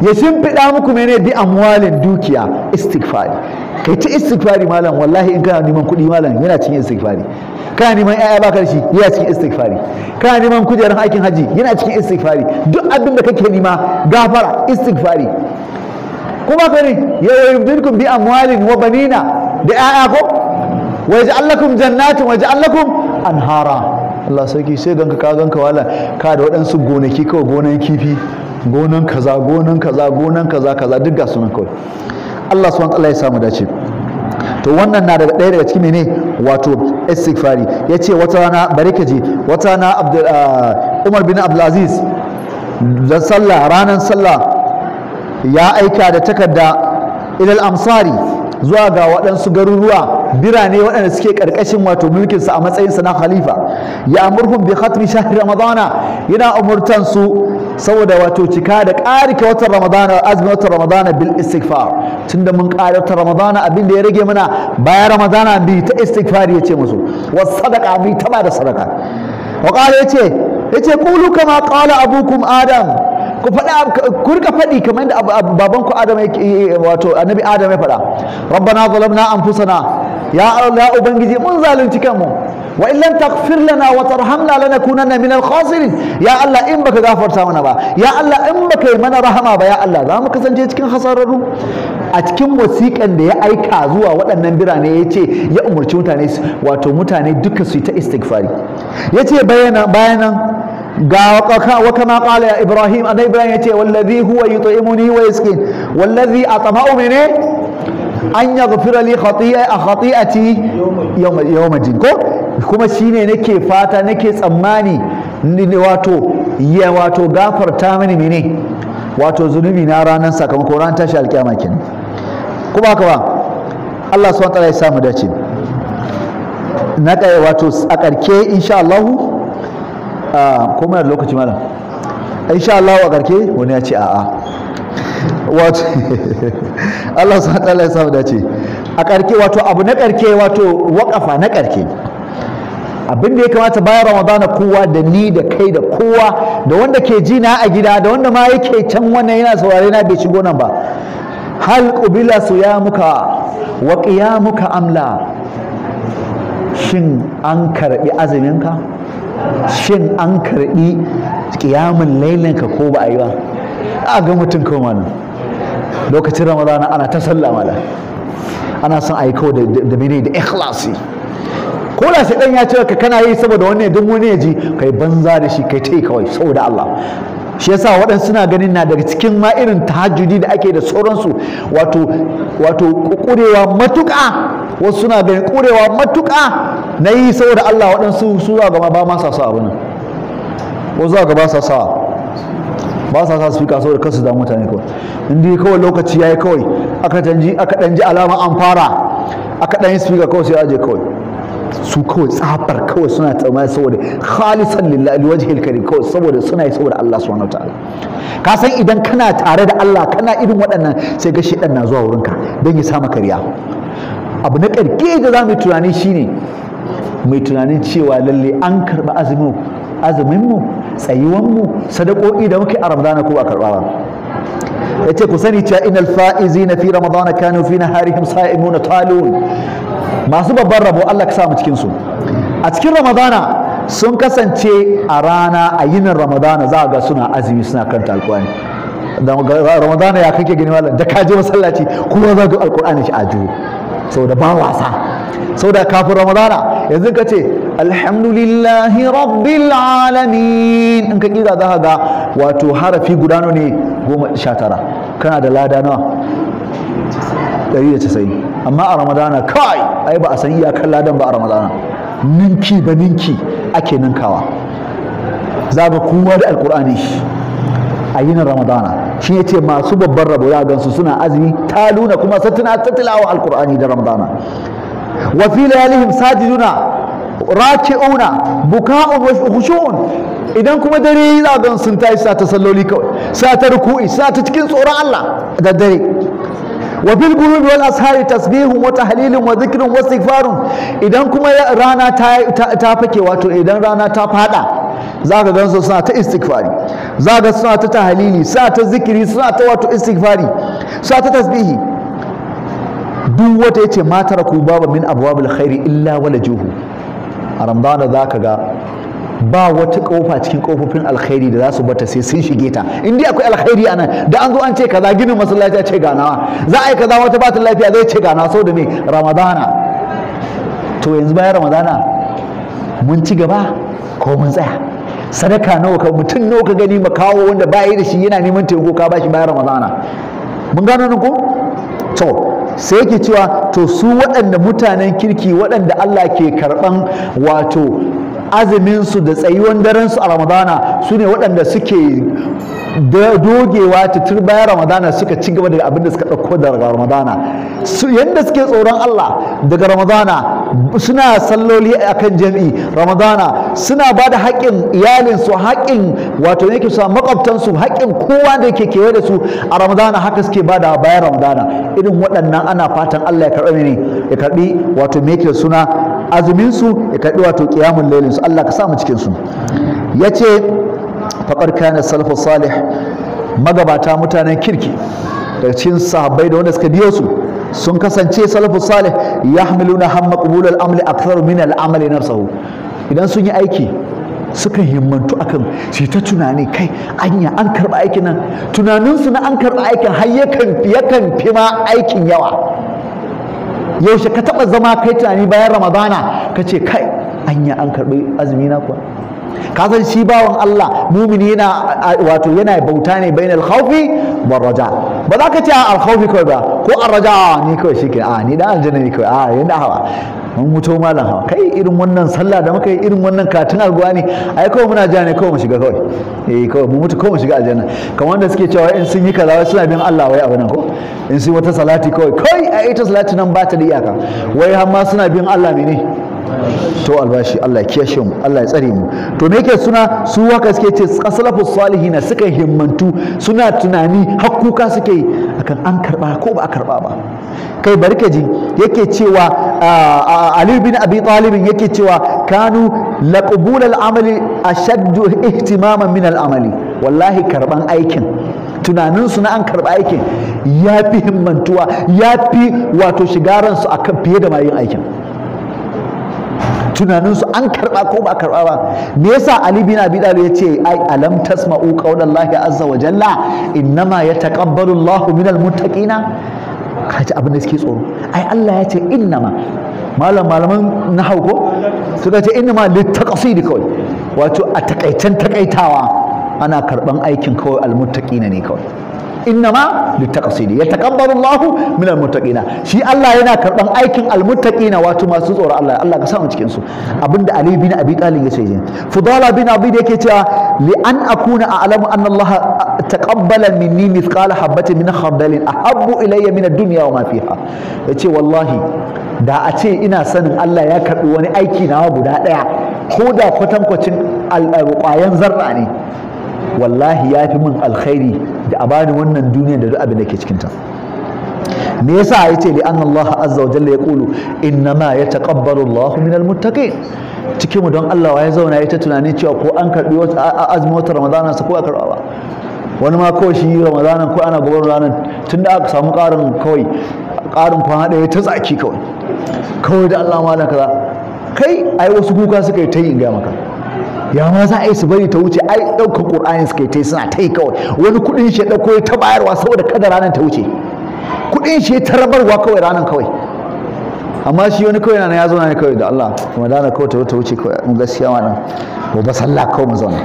ya shimfiɗa muku mene bi amwalin dukiya istighfari kai ta istighfari malam wallahi in kana neman kuɗi malam yana cikin istighfari kana neman ƴaƴa baka da shi yana cikin istighfari kana neman kujerar aikin haji yana cikin istighfari duk abin da kake nema gafara istighfari kuma kare ne ya yubdirkum bi amwalin wa banina da ƴaƴa ko waje yaj'alakum jannatin waje yaj'alakum anhara Allah sarki sai ganka ka ganka wala ka da waɗansu gonaki kawai gonan kifi gonan kaza gonan kaza gonan kaza kaza duk ga sunan kawai Allah subhanahu wa ya samu dace to wannan na daga ɗaya daga cikin ne wato istighfari yace wata rana bari ji wata rana ah, Umar bin Abdulaziz da sallah ranar sallah ya aika da takarda ilal amsari zuwa ga waɗansu garuruwa birane waɗanda suke ƙarƙashin wato mulkinsa a matsayinsa na khalifa ya amurhum bi khatmi shahri ramadana yana umurtan su saboda wato cika da ƙarike watan ramadana azumin watan ramadana bil istighfar tunda mun ƙare watan ramadana abin da ya rage mana bayan ramadana bi ta istighfar ya ce musu was sadaka bi ta ba da sadaka wa ya ce ce qulu kama ƙala abukum adam ku faɗa ku rika faɗi kamar da baban ku Adam eh, eh, wato annabi Adam ya faɗa rabbana zalamna anfusana ya Allah ya ubangiji mun zalunci kanmu wa in lam taghfir lana wa tarhamna lanakunanna min al-khasirin ya Allah in baka gafarta mana ba ya Allah in baka yi mana rahama ba ya Allah za mu kasance cikin hasararru a cikin wasiƙan da ya aika zuwa waɗannan birane ya ce ya umarci mutane wato mutane duka su yi ta istighfari ya ce bayanan ga waka ma qala ya ibrahim annabi ibrahim yace wallazi huwa yut'imuni wa yaskin wallazi atama'u mene an yaghfira li khati'a khati'ati yawma yawma din ko kuma shine nake fata nake tsammani ne wato ya wato gafarta mini mene wato zunubi na ranar sakamakon ran tashi alkiyama makin. kuma haka ba Allah subhanahu wa ta'ala ya samu dace na kai wato a insha Allah Aa, ah, ko muna da lokaci malam insha Allah wa karke wani ya ce a'a wato [laughs] Allah subhanahu wataala ya samu dace a karke wato abu na karke wato wakafa na karke abin da ya kamata bayan ramadana kowa da ni da kai da kowa da wanda ke ji na a gida da wanda ma yake can wannan yana saurare na bai shigo nan ba hal qubila waƙi wa qiyamuka amla shin an karbi ka shin an karɓi ƙiyamin lailinka ko ba a yi ba a ga mutum kan wani lokacin ramadana ana ta sallah da ana son a yi kawai da mene da ikhlasi ko da sai dan ya ce ka kana yi saboda wani duk wani ya ji kai banza da shi kai tai kawai saboda Allah shi yasa waɗansu suna ganin na daga cikin ma irin tahajjudi da ake da sauransu wato wato kurewa matuƙa wasu suna ganin kurewa matuƙa na yi saboda Allah waɗansu su za gaba ba ma sa sa abin wasu za gaba sa sa ba sa sa speaker saboda kasu da mutane kawai in dai kawai lokaci yayi kawai aka tanji aka danji alama an fara aka dan speaker kawai sai aje kawai su kawai tsafar kawai suna tsamaya saboda khalisan lillahi wajhil karim kawai saboda suna yi saboda Allah subhanahu wataala ka san idan kana tare da Allah kana irin waɗannan sai ga shedan na zuwa wurinka don ya samu kariya abu na ƙarke da za mu tunani shine mai tunanin cewa lalle an karɓi azumin azuminmu tsayuwanmu sadakoki da muke a ramadana ko ba karɓa ba yace ku sani cewa inal faizina fi ramadan kanu fi naharihim sa'imuna talun masu babban rabo Allah ka sa mu cikin su a cikin ramadana sun kasance a rana a yinin ramadana za ga suna azumi suna karanta alkur'ani ramadana ya kake gani mallan da kaje masallaci kuma za ga alkur'ani shi a juyo saboda ba wasa saboda kafin ramadana yanzu ka ce alhamdulillahi rabbil alamin in ka kira za ka ga wato harafi guda ne goma sha tara kana da lada nawa ɗari da amma a ramadana kai ai ba a san iyakar ladan ba a ramadana ninki ba ninki ake ninkawa za ga kowa da alkur'ani a yinin ramadana shi ya ce masu babban rabo ya gansu suna azumi taluna kuma satuna ta tilawa alkur'ani da ramadana wa fi layalihim sajiduna raki'una buka'un idan kuma dare yi za zagon sun tashi sa ta salloli kawai sa ta ruku'i sa ta cikin tsoron Allah da dare wa bil ghurubi wal ashari tasbihun wa tahlilun wa dhikrun wa istighfarun idan kuma rana ta ta fake wato idan rana ta fada za ka su suna ta istighfari za ka suna ta tahalili suna ta zikiri suna ta wato istighfari suna ta tasbihi duk wata ce matar ku babu min abwabil khairi illa wala juhu a ramadana ka ga ba wata kofa cikin kofofin alkhairi da za su bata sai sun shige ta in dai akwai alkhairi anan da an zo an ce kaza ginin masallaci a ce ganawa za a yi kaza wata ba ta lafiya zai ce ganawa da me ramadana to yanzu bayan ramadana mun ci gaba ko mun tsaya sadaka nawa ka mutum nawa ka gani makawo wanda ba yi da shi yana neman taimako ka ba shi bayan ramadana mun gano nan ko to sai yake cewa to su waɗanda mutanen kirki waɗanda Allah ke karɓan wato su da tsayuwan daren su a ramadana su ne waɗanda suke dogewa ta bayan ramadana suka ci gaba daga abin da suka ɗauko daga ramadana yadda suke tsoron allah daga ramadana suna salloli a kan jami'i ramadana suna ba da haƙƙin iyalinsu haƙƙin wato yake sa maƙwabtansu haƙƙin kowa da yake kewaye da su a ramadana haka suke ba da bayan ramadana irin waɗannan ana fatan allah ya karɓi ne ya karɓi wato me suna azumin su ya karbi wato qiyamul lailin su Allah ka sa mu cikin su yace faqad kana salafus salih magabata mutanen kirki daga cikin sahabbai da wanda suka biyo su sun kasance salafus salih yahmiluna hamma qabul al a akthar min al-amali nafsuhu idan sun yi aiki sukan himmantu akan su ta tunani kai anya an karba aikin nan tunaninsu na an karba aikin har yakan yakan fi ma aikin yawa yaushe ka taɓa zama kai tunani bayan ramadana ka ce kai anya an karɓi azumi na kuwa ka san shi bawan Allah mumini yana wato yana bauta ne bainal khawfi war raja ba za ka ce al khawfi kawai ba ko a raja ni kawai shi ke, a ni dan aljanna ne kawai a yanda hawa mun muto malam hawa kai irin wannan sallah da muka yi irin wannan katin alqurani ai kawai muna jira ne kawai mu shiga kawai eh kawai mu mutu kawai mu shiga aljanna kamar wanda suke cewa in sun yi kaza wai suna bin Allah wai abin nan ko in sun wata salati kawai kai a ita salati nan ba ta da iyaka wai har ma suna bin Allah mene to albashi Allah ya kiyashe mu Allah ya tsare mu to me yake suna su waka suke ce asalafus salihina suka himmantu suna tunani hakkuka suke yi akan an karba ko ba a karba ba kai barkaji yake cewa Ali bin Abi Talib yake cewa kanu laqbul al-amali ashaddu ihtimaman min al-amali wallahi karban aikin tunaninsu na an karba aikin ya fi himmantuwa ya fi wato shigaransu akan fiye da mayin aikin tunaninsu an karɓa ko ba karɓa ba me yasa ali bin abi dalib yace ai alam tasma'u qaulallahi azza wa jalla innama yataqabbalu Allahu minal muttaqina kaji abin da suke tsoro ai Allah ya ce innama malam malaman na hauko suka ce innama littaqsid kawai wato a takaitan takaitawa ana karɓan aikin kawai almuttaqina ne kawai innama litaqsidi yataqabbalu Allahu min almuttaqina shi Allah yana karban aikin almuttaqina wato masu tsoro Allah Allah ka samu cikin su abinda Ali bin Abi Talib yace yin Fudala bin Abi da yake cewa li an akuna a'lamu anna Allah taqabbala minni mithqala habatin min khardalin ahabbu ilayya min ad-dunya wa ma fiha yace wallahi da a ce ina sanin Allah ya karbi wani aiki nawa guda daya ko da kwatankwacin ƙwayan zarra ne wallahi ya fi min alkhairi da a bani wannan duniya da duk abin da ke cikinta me yasa ya ce li anna Allah azza wa jalla ya qulu inna ma yataqabbalu Allah min almuttaqin cikin mu don Allah ya zauna ya ta tunani cewa ko an karbi azumin wata Ramadana sa ko a karba ba wani ma ko shi Ramadanan ko ana gobar ranar tunda aka samu karin kawai karin kwana ya ta tsaki kawai kawai da Allah malam kaza kai ai wasu kuka suka yi ta yi in ga maka ya ma za a yi su bari ta wuce ai ɗaukar ƙur'anin suka ta suna ta yi kawai wani kuɗin shi ya ɗauko ya ta bayarwa saboda kada ranar ta wuce kuɗin shi ta rabarwa kawai ranar kawai amma shi wani kawai na ya zo ne kawai da Allah kuma dana kawai ta ta wuce kawai mun gaskiya ma nan ko ba sallah kawai mu zauna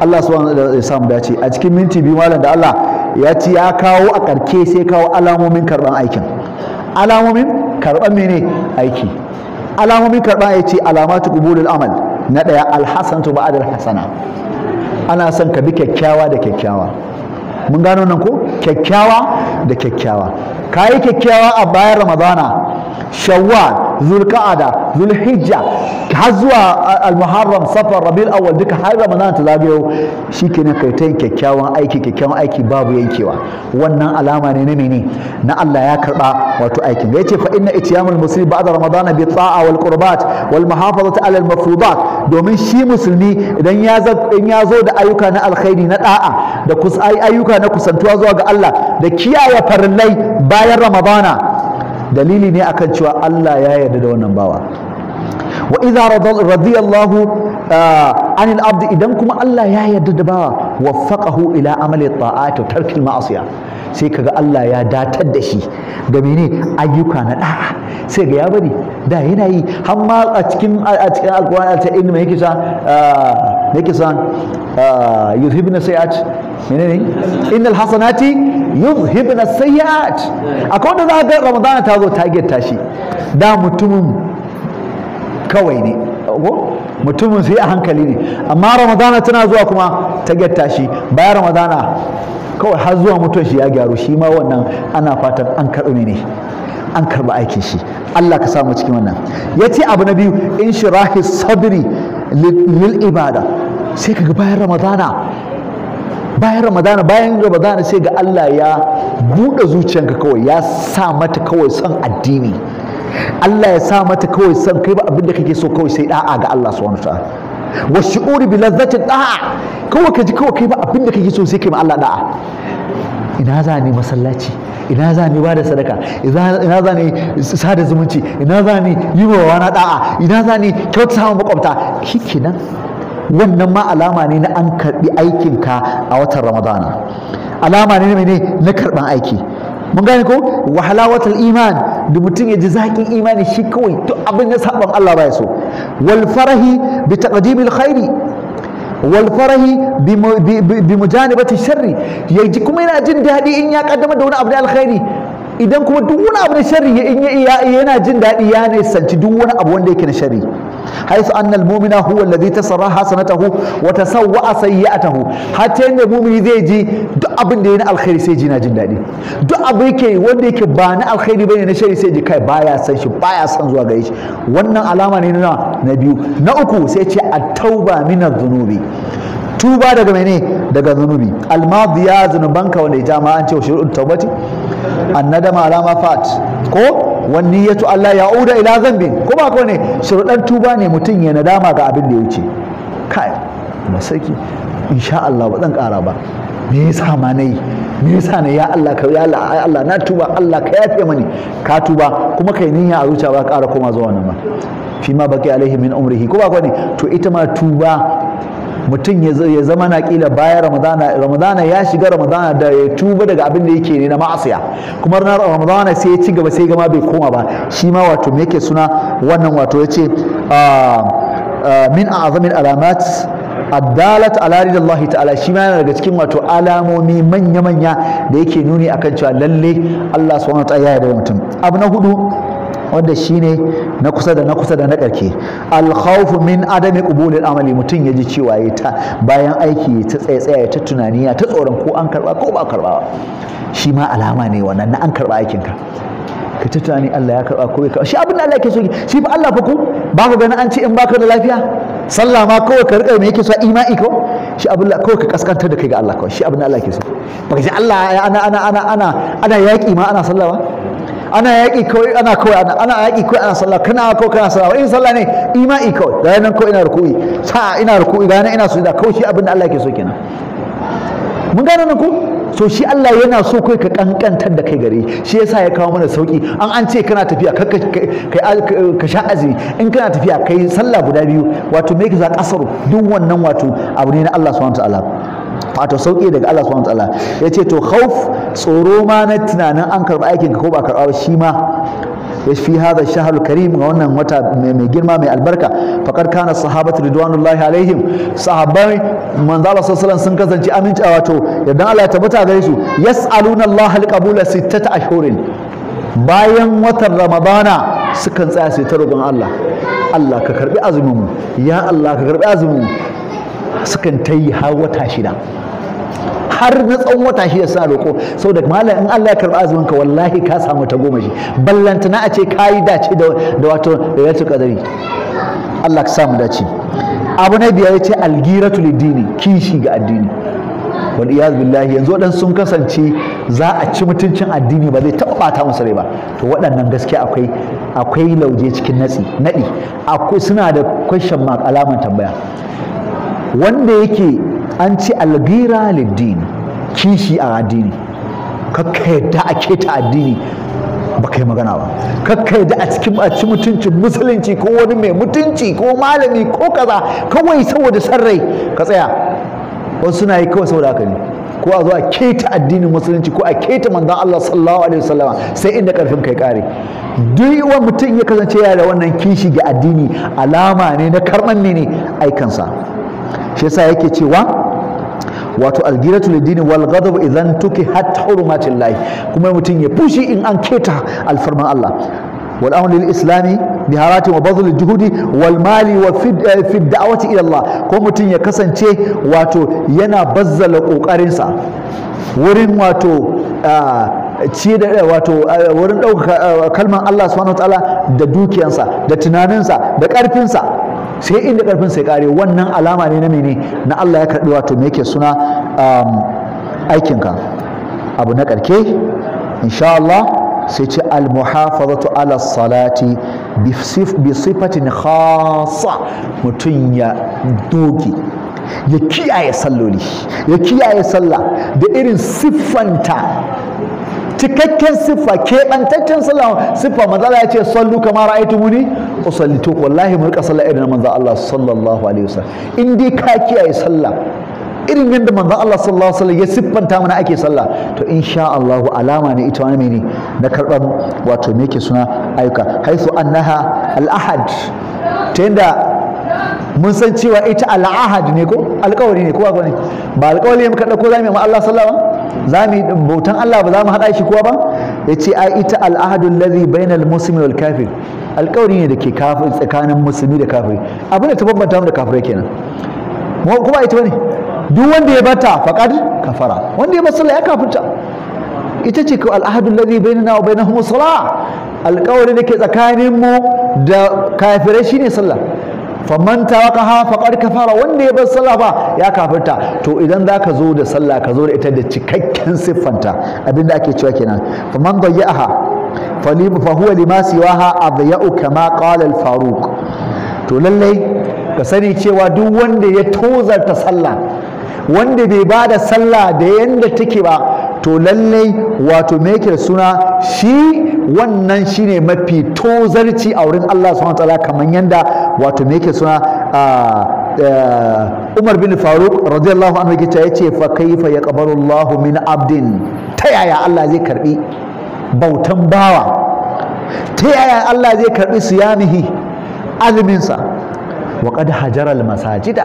Allah subhanahu wa ya samu dace a cikin minti biyu malam da Allah ya ci ya kawo a karke sai kawo alamomin karban aikin alamomin karban mene aiki alamomin karban ya ce alamatu qubulul amal na ɗaya alhassanatu ba'ad alhasana ana son ka bi kyakkyawa da kyakkyawa mun gano nan ko kyakkyawa da kyakkyawa ka yi kyakkyawa a bayan ramadana shawwal zulka'ada zulhijja har zuwa almuharram safar rabil awal duka har ramadan ta zagayo shikenan kai ta kyakkyawan aiki kyakkyawan aiki babu yankewa wannan alama ne na mene na Allah ya karba wato aikin ya ce fa inna ityamul muslim ba'da ramadan bi ta'a wal qurbat wal muhafazati ala al mafrudat domin shi musulmi idan ya in ya zo da ayyuka na alkhairi na da'a da kus ayyuka na kusantuwa zuwa ga Allah da kiyaye farillai bayan ramadana dalili ne akan cewa Allah ya yarda da wannan bawa wa idza radiyallahu uh, anil abd idan kuma Allah ya yarda da bawa waffaqahu ila amali ta'ati wa tarkil ma'asiya sai kaga Allah ya datar da shi da mene ayyuka na da sai ga ya bari da yana yi har ma a cikin a cikin alqur'ani ta inna yake sa uh, yake sa uh, yuhibna sayat menene innal hasanati yuzhibna sayyi'at akwai wanda za ga ramadana ta zo ta gitta shi da mutumin kawai ne mutumin sai a hankali ne amma ramadana tana zuwa kuma ta gitta shi bayan ramadana kawai har zuwa mutuwar shi ya gyaru shi ma wannan ana fatan an karɓi ne an karɓi aikin shi Allah ka samu cikin wannan ya ce abu na biyu in shirahi sabiri lil ibada sai kaga bayan ramadana bayan ramadana bayan ramadana sai ga Allah ya buɗe zuciyanka kawai ya sa mata kawai son addini Allah ya sa mata kawai son kai ba abin da kake so kawai sai da'a ga Allah subhanahu wataala wa shu'uri bi lazzatin da'a kawai ka ji kawai kai ba abin da kake so sai kai ma Allah da'a ina za ni masallaci ina za ni bada sadaka ina za ni sada zumunci ina za ni yi wa wana da'a ina za ni kyauta samun makwabta shikenan wannan ma alama ne na an karɓi aikinka a watan ramadana alama ne ne na karɓan aiki mun gane ko wahala watan iman da mutum ya ji zaƙin imani shi kawai duk abin ya saban Allah ba ya so wal farahi bi taqdimil khairi wal farahi bi mujanibati sharri ya ji kuma yana jin daɗi in ya kaddama da wani abu na alkhairi idan kuma duk wani abu na sharri in yana jin daɗi ya ne sanci duk wani abu wanda yake na sharri haisu annal mumina huwa alladhi tasarra hasanatahu wa a sayyi'atahu hatta inda mumini zai ji duk abin da yayi na alkhairi sai ji na jin daɗi duk abu yake wanda yake ba na alkhairi bane na shari sai ji kai baya san shi baya san zuwa gare wannan alama ne na na biyu na uku sai ce at-tauba zunubi. adh-dhunubi tuba daga mene daga zunubi al-madiya zunubanka wanda ya jama'a an ce shur'ut taubati annadama ala alama fat ko wani ya tu Allah ya uda ila zambin ko ba ko ne shirɗar tuba ne mutum ya nadama ga abin da ya wuce kai masaki insha Allah ba zan ƙara ba me yasa ma nayi me yasa ne ya Allah ka ya Allah Allah na tuba Allah ka yafe mani ka tuba kuma kai niyya a zuciya ba ƙara koma zuwa nan ba fi ma baki alaihi min umrihi ko ba ko ne to ita ma tuba mutum ya zama na kila bayan ramadana ramadana ya shiga ramadana da ya tuba daga abin da yake ne na ma'asiya kuma na ramadana sai ya ci gaba sai gama bai koma ba shi ma wato me yake suna wannan wato ya ce ah, ah, min azamin alamat addalat ala ridallahi ta'ala shi ma yana daga cikin wato alamomi manya-manya da yake nuni akan cewa lalle Allah subhanahu wa ta'ala ya yarda mutum abu na hudu wanda shi ne na kusa da na kusa da na ƙarke alkhawfu min adami qubulil amali mutum ya ji cewa ya ta bayan aiki ta ta tsaye ya ta tunani ya ta tsoron ko an karba ko ba karba shi ma alama ne wannan na an karba aikin ka ka ta tunani Allah ya karba ko bai karba shi abin da Allah yake so shi fa Allah fa ku ba ka gani an ce in baka da lafiya sallah ma kawai ka rika me yake so imani ko shi abin da kawai ka kaskantar da kai ga Allah kawai shi abin da Allah yake so baka ji Allah ana ana ana ana ana yaƙi ma ana sallah ba ana yaƙi kawai ana kawai ana ana yaƙi kawai ana sallah kana kawai kana sallah in sallah ne imani kawai da nan kawai ina ruku'i sa ina ruku'i da nan ina sujada kawai shi abin da Allah yake so kenan mun gane nan ku? so shi Allah yana so kai ka kankantar da kai gare shi yasa ya kawo mana sauki an an ce kana tafiya ka ka sha azumi in kana tafiya kai sallah guda biyu wato me ka za kasaru duk wannan wato abu ne na Allah subhanahu wa ta'ala wato sauƙi daga Allah subhanahu wataala ya ce to khauf tsoro ma na tunanin an karɓi aikin ka ko ba karɓa ba shi ma ya fi hada shahrul karim ga wannan wata mai girma mai albarka faqad kana sahabatu ridwanullahi alaihim sahabbai manzo Allah sallallahu sun kasance aminci a wato idan Allah ya tabbata gare su yas'aluna Allah alqabula sittata ashhurin bayan watan ramadana sukan tsaya sai ta roƙon Allah Allah ka karbi azumin mu ya Allah ka karbi azumin mu sukan ta yi har wata shida har na tsawon wata shida suna roƙo saboda malam in Allah ya karɓi azumin ka wallahi ka samu ta goma shi ballantana a ce ka yi dace da wato da ya lailatul qadari Allah ka samu dace abu na biyar ya yace algiratu lidini kishi ga addini Wani iya billahi yanzu wadan sun kasance za a ci mutuncin addini ba zai taɓa bata musu rai ba to waɗannan gaskiya akwai akwai lauje cikin natsi naɗi akwai suna da question mark alaman tambaya wanda yake an ci algira liddin kishi a addini kakka yadda a keta addini ba kai magana ba kakka yadda a cikin ci mutuncin musulunci ko wani mai mutunci ko malami ko kaza kawai saboda sarrai ka tsaya wasu suna yi kawai saboda haka ne ko a zo a keta addinin musulunci ko a keta manzon Allah sallallahu alaihi wasallama sai inda karfin kai kare duk wa mutum ya kasance yana da wannan kishi ga addini alama ne na karman ne ne aikansa shi yasa yake cewa wato algiratu lidini wal ghadab idan tuki hatta hurmatullahi, kuma mutum ya fushi in an keta alfarman Allah wal amr lil islami harati wa badl juhudi wal mali wa eh, fi da'wati ila Allah ko mutum ya kasance wato yana bazzala kokarin sa wurin wato ah, ci da eh, wato eh, wurin ɗaukaka kalman Allah subhanahu wa da dukiyansa da tunaninsa da ƙarfinsa sai inda karfin sai kare wannan alama ne na mene na Allah ya karɓi wato me yake suna um, aikinka abu na karke insha Allah sai ce almuhafazatu ala salati bi sifatin khassa mutum ya doki ya kiyaye salloli ya kiyaye sallah da irin siffanta cikakken siffa keɓantaccen sallah siffa manzo ya ce sallu kama ra'aytu muni usalli to wallahi mu rika sallah irin manzo Allah sallallahu alaihi wasallam in dai ka kiyaye sallah irin yadda manzon Allah sallallahu alaihi wasallam ya siffanta mana ake sallah to insha Allah alama ne ita wani mene na karban wato me yake suna ayyuka haisu annaha al-ahad ta yadda mun san cewa ita al'ahad ne ko alƙawari ne kowa ne ba alƙawari ne muka ɗauko za mu yi Allah sallama za mu yi bautan Allah ba za mu haɗa shi kowa ba ya ce a ita al'ahadun lazi bainal muslimi wal kafir alƙawari ne da ke tsakanin musulmi da kafiri abin da ta bambanta mu da kafirai kenan kuma ita bane duk wanda ya bata faqad kafara wanda ya bar sallah ya kafirta ita ce ko al'ahadun lazi bainana wa bainahum salah alƙawari da ke tsakanin mu da kafirai shine sallah ka tawaqaha ka fara wanda ya bar sallah ba ya kafirta to idan za ka zo da sallah ka zo da ita da cikakken siffanta abinda ake cewa kenan faman dayya'aha falib fa huwa lima siwaha adya'u kama qala al-faruq to lallai ka sani cewa duk wanda ya tozarta sallah wanda bai ba da sallah da yanda take ba to lallai wato me suna shi wannan shi ne mafi tozarci a wurin Allah subhanahu wataala kamar yadda wato me yake suna Umar bin Faruk radiyallahu anhu yake yace fa kaifa yaqbalu Allah min abdin ta yaya Allah zai karbi bautan bawa ta yaya Allah zai karbi siyamihi yamihi aliminsa wa qad hajara al masajida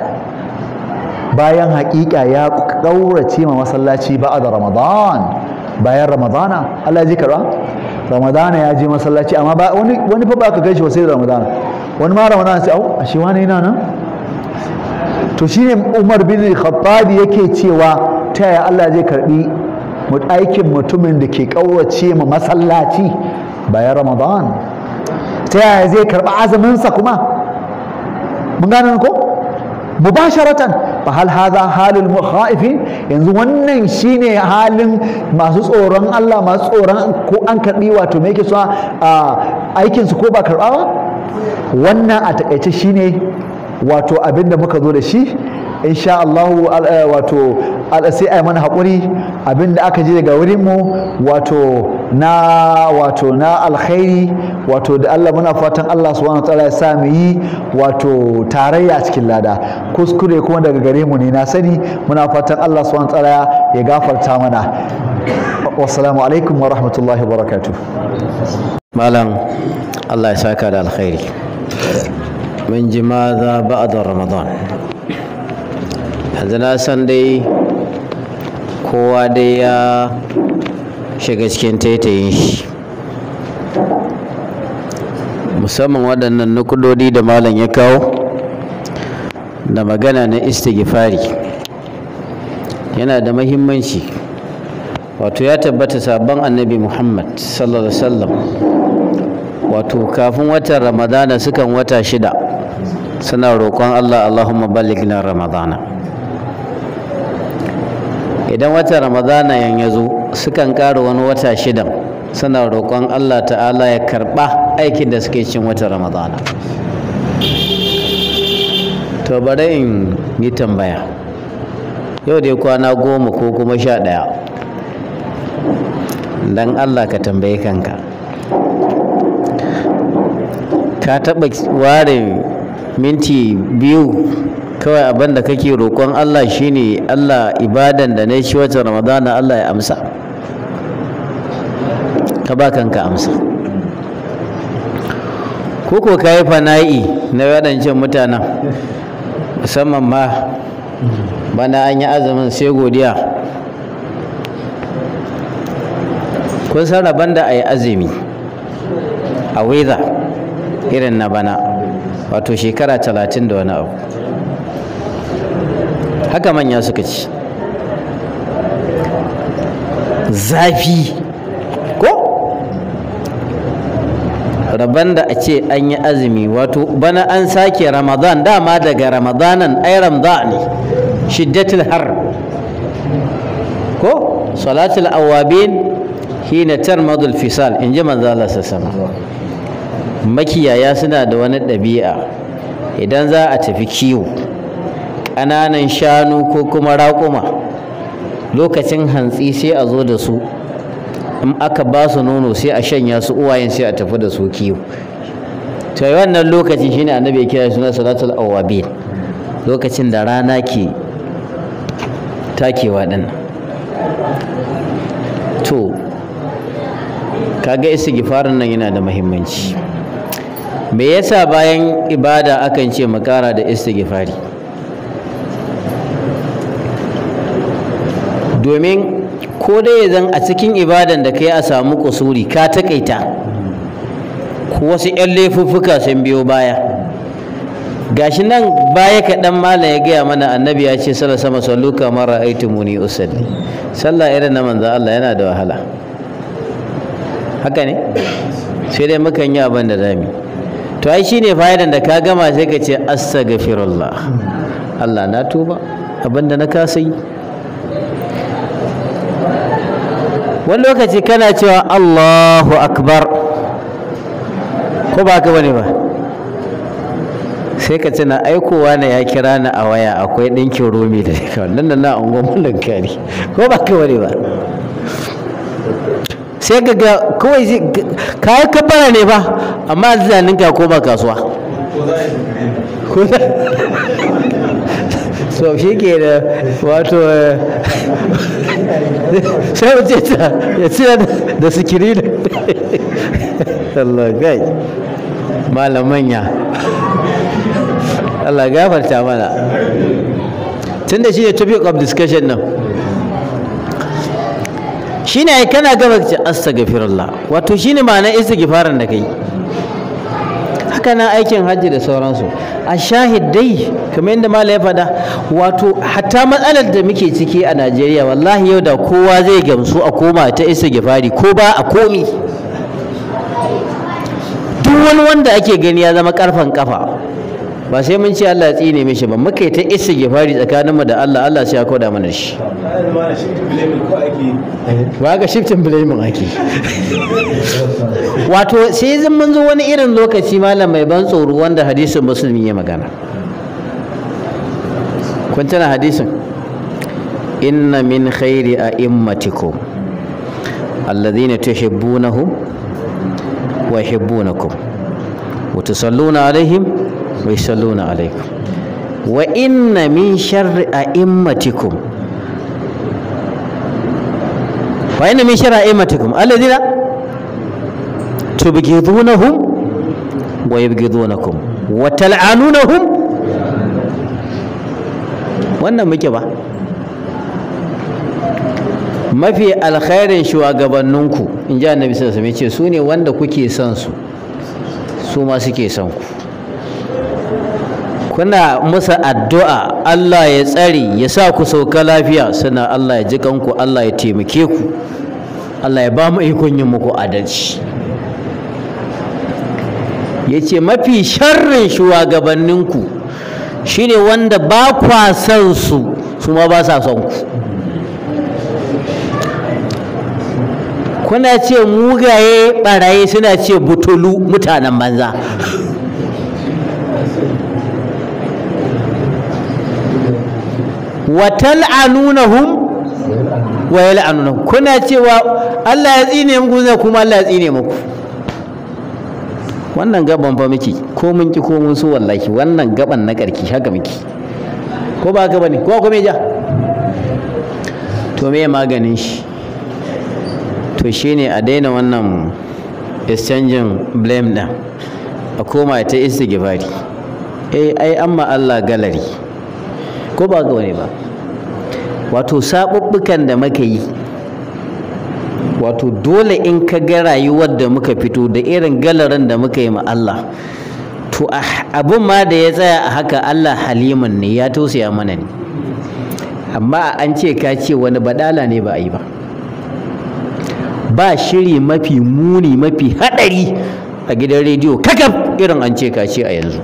bayan haƙiƙa ya ƙaurace ma masallaci ba da ramadan bayan ramadana Allah ya ji karɓa ramadana ya je masallaci amma wani wani fa baka gaishe ba sai ramadana wani ma ramadana sai au a shi wani yana nan to shine Umar bin khattabi yake cewa ta yaya Allah zai karbi aikin mutumin da ke ƙaurace ma masallaci bayan ramadan ta yaya zai karɓa azumin sa kuma mun gane ko mubasharatan fa hal hadha halul mukhaifin yanzu wannan shine halin masu tsoron Allah masu tsoron ko an karbi wato me yake so aikin su ko ba karba ba wannan a takaice shine wato abinda muka zo da shi insha Allah eh, wato sai ai mana hakuri abinda aka je daga wurinmu wato na wato na alkhairi wato da Allah muna fatan Allah subhanahu wataala ya sa mu yi wato tarayya a cikin lada kuskure kuma daga gare mu ne na sani muna fatan Allah subhanahu wataala ya gafarta mana wassalamu alaikum wa rahmatullahi wa barakatuh malam Allah ya saka da alkhairi من جماذا بعد رمضان yanzu na san dai kowa dai ya shiga cikin taitayin shi musamman waɗannan nukudodi da malam ya kawo da magana na istighfari yana da mahimmanci wato ya tabbata sabon annabi muhammad sallallahu alaihi wasallam wato kafin watan ramadana sukan wata shida suna roƙon allah allahumma balighna ramadana idan wata ramadana yan ya zo sukan ƙara wani wata shida, suna roƙon allah ta'ala ya karɓa aikin da suke cin wata ramadana to bari in yi tambaya yau dai kwana goma ko kuma sha ɗaya don allah ka tambaye kanka ka taɓa ware minti biyu kawai abin da kake roƙon Allah shine Allah ibadan da na shi wata ramadana Allah ya amsa ka ba kanka amsa ko ko ka yi fana'i na waɗancan mutanen musamman ma bana an yi azumin sai godiya kun san rabon da a yi azumi a weza irin na bana wato shekara talatin da wani abu haka manya suka ci zafi ko rabban da a ce an yi azumi wato bana an sake ramadan dama daga ramadanan ai ramadan ne shiddatul har ko salatul awabin hina tarmadul fisal in ji manzo Allah makiyaya suna da wani ɗabi'a idan za a tafi kiwo ƙananan shanu ko kuma raƙuma lokacin hantsi sai a zo da su in aka ba su nono sai a shanya su uwayen sai a tafi da su kiwo to wannan lokacin ne annabi ya kira na salatul awabin lokacin da rana ke takewa ɗin to kaga gifarin nan yana da muhimmanci me yasa bayan ibada akan ce makara da istighfari domin ko dai zan a cikin ibadan da kai a samu kusuri ka takaita ko wasu 'yan laifuffuka sun biyo baya gashi nan baya kaɗan mala ya gaya mana annabi ya ce sallah sama sallu kamar muni usalli sallah irin na manzo Allah yana da wahala haka ne sai dai mukan yi abin da zamu to ai shine fa'idan da ka gama sai ka ce astaghfirullah Allah na tuba abin da na kasa yi wani lokaci kana cewa Allahu akbar ko ba ka wani ba sai ka tuna aikowa na ya kira ni a waya akwai ɗinkin romi da ka nan da na ungo mulkin kari ko ba ka wani ba sai ka ga kawai ka yi kabara ne ba amma zaninka ko ba kasuwa so shi ke da wato eh, [laughs] sai wace ta ya tsira da sikiri da [laughs] Allah gai malam manya Allah gafarta mana tun da shi ne topic of discussion nan shi ne kana gaba ce astaghfirullah wato shi ne ma'anar istighfarin da kai haka aikin hajji da sauransu a shahidai kamar yadda mala ya faɗa wato hatta matsalar da muke ciki a najeriya wallahi yau da kowa zai gamsu a koma ta isa gifari ko ba a komi duk wani wanda ake gani ya zama karfan kafa ba sai mun ce Allah ya tsine mishi ba muka yi ta isa gifari mu da Allah Allah sai ya koda mana shi ba ga shiftin blaming ake wato sai zan mun zo wani irin lokaci malam mai ban tsoro wanda hadisin musulmi ya magana kun tana hadisin inna min khairi a'immatikum alladhina tuhibbunahum wa yuhibbunakum wa tusalluna alaihim wa yusalluna alaikum wa inna min sharri a'immatikum wa inna min sharri a'immatikum alladhina tubghidunahum wa yubghidunakum wa tal'anunahum wannan muke ba mafi alkhairin shugabanninku in ji annabi sallallahu alaihi wasallam ce su ne wanda kuke son su su ma suke son ku kuna musa addu'a Allah ya tsare ya sa ku sauka lafiya suna Allah ya ji kanku Allah ya taimake ku Allah ya ba mu ikon yin muku adalci ya ce mafi sharrin shugabannin ku shine wanda ba kwa son su su ma ba sa son ku kuna ce mugaye baraye suna ce butulu mutanen manza wa anunahum wa anunahum kuna cewa Allah ya tsine muku zai kuma Allah ya tsine muku wannan gaban fa miki ko mun ki ko mun so wallahi wannan gaban na karki haka miki ko ba gaba ne ko ko me ja to me maganin shi to shine a daina wannan exchanging blame din a koma ta istighfari eh ai amma Allah galari ko ba ga wani ba wato sabubbukan da muka yi wato dole in ka ga rayuwar da muka fito da irin galarin da muka yi ma Allah to abun ma da ya tsaya a haka Allah haliman ne ya tausaya mana ne amma an ce ka ce wani badala ne ba a yi ba ba shiri mafi muni mafi haɗari a gidan rediyo kakaf irin an ce ka ce a yanzu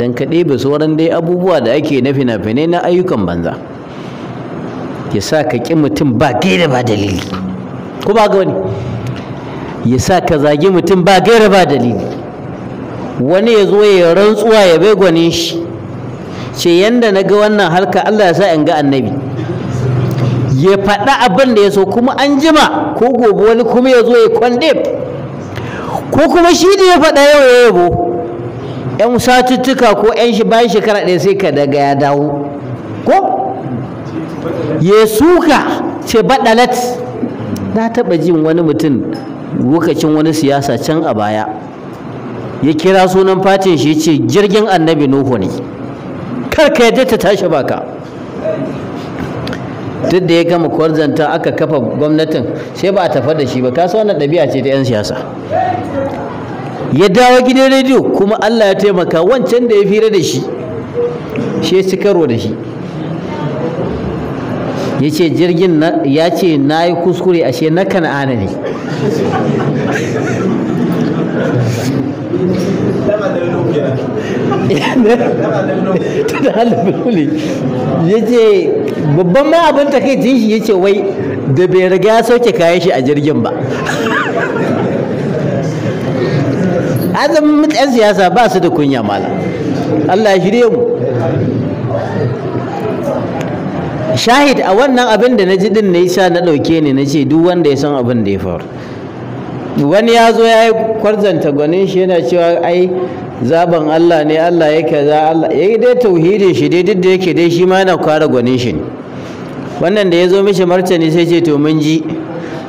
dan ka ɗebe sauran dai abubuwa da ake na fina-finai na ayyukan banza ya sa ka ƙi mutum ba gaira ba dalili ko ba ya sa ka zagi mutum ba gaira ba dalili wani ya zo ya rantsuwa ya bai gwanin shi ce yanda na ga wannan halka Allah ya sa in ga annabi ya faɗa abin da ya so kuma an jima ko gobe wani kuma ya zo ya kwande ko kuma shi da ya faɗa yau ya yabo 'yan satuttuka ko 'yan shi bayan shekara ɗaya sai ka daga ya dawo ko ya suka ce baɗalat na taɓa jin wani mutum lokacin wani siyasa can a baya ya kira sunan fatin shi ce jirgin annabi nuhu ne karka ka yadda ta tashi baka duk da ya gama kwarzanta aka kafa gwamnatin sai ba a tafa da shi ba kasuwa wannan ɗabi'a ce ta 'yan siyasa ya dawo gidan rediyo kuma Allah ya taimaka wancan da ya fira da shi shi ya ci karo da shi ya ce jirgin ya ce na yi kuskure ashe na kan'ana ne ya ce babban ma abin takaicin shi ya ce wai da bai riga sauke kayan shi a jirgin ba azan mutsayan siyasa ba su da kunya malam Allah ya shirye mu shahid a wannan abin da na ji din na isa na ɗauke ne na ce duk wanda ya san abin da ya faru wani ya zo ya yi kwarzanta gwanin shi yana cewa ai zaben Allah ne Allah ya kaza Allah ya yi dai tauhidin shi dai duk da yake dai shi ma yana kwara gwanin shi ne wannan da ya zo mishi martani sai ce to mun ji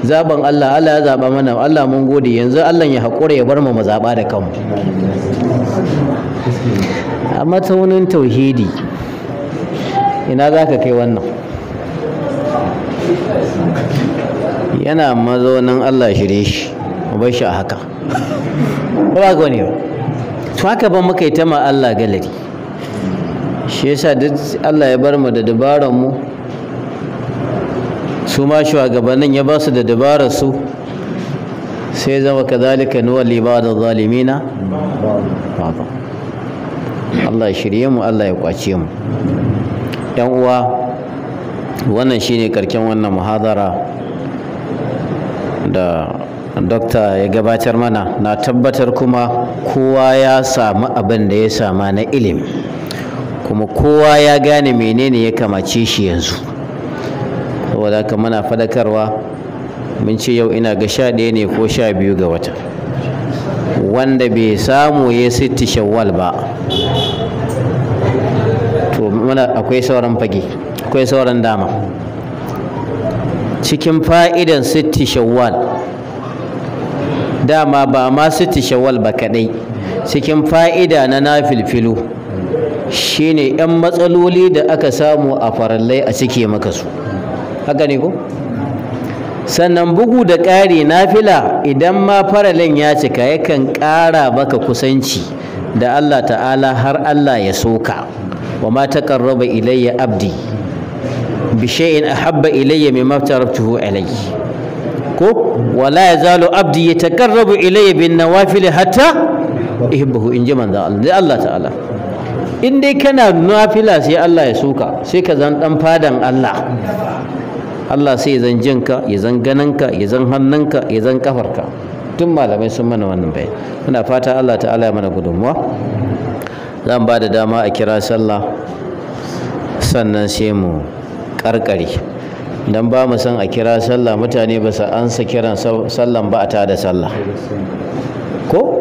zaben Allah Allah ya zaba mana Allah mun gode yanzu Allah ya haƙura ya bar mu mu zaba da kanmu a mataunin tauhidi ina za ka kai wannan yana mazaunin Allah shirye shi bar shi a haka ba ga wani to haka ba muka yi ta ma Allah galari shi yasa duk Allah ya bar mu da dabaran mu su ma shugabannin ya ba su da dabarar su sai zama nuwa liba da zalimina ba'da Allah ya shirye mu Allah ya kwace mu yan uwa wannan shine karken wannan muhadara da dokta ya gabatar mana na tabbatar kuma kowa ya samu abin da ya sama na ilimi kuma kowa ya gane menene ya kamace shi yanzu saboda haka muna fadakarwa mun ce yau ina ga sha ɗaya ne ko sha biyu ga wata wanda bai samu ya sitti shawwal ba to muna akwai sauran fage akwai sauran dama cikin fa'idan sitti shawwal dama ba ma sitti shawwal ba kadai cikin fa'ida na nafilfilu shine 'yan matsaloli da aka samu a farallai a cike maka su haka ne ko sannan bugu da ƙari na fila idan ma faralin ya cika yakan ƙara baka kusanci da Allah ta'ala har Allah ya soka wa ma taqarraba ilayya abdi bi shay'in ahabba ilayya mimma tarabtuhu alayhi ko wala yazalu abdi yataqarrabu ilayya bin nawafil hatta uhibbuhu in ji manzo Allah dai Allah ta'ala in dai kana nafila sai Allah ya soka sai ka zan dan fadan Allah Allah sai ya zan jinka ya zan gananka ya zan hannunka ya zan kafarka tun malamai sun mana wannan bayani muna fata Allah ta'ala ya mana gudunmuwa zan ba da dama a kira sallah sannan sai mu karkare dan ba mu san a kira sallah mutane ba su ansa kiran sallan ba a tada sallah ko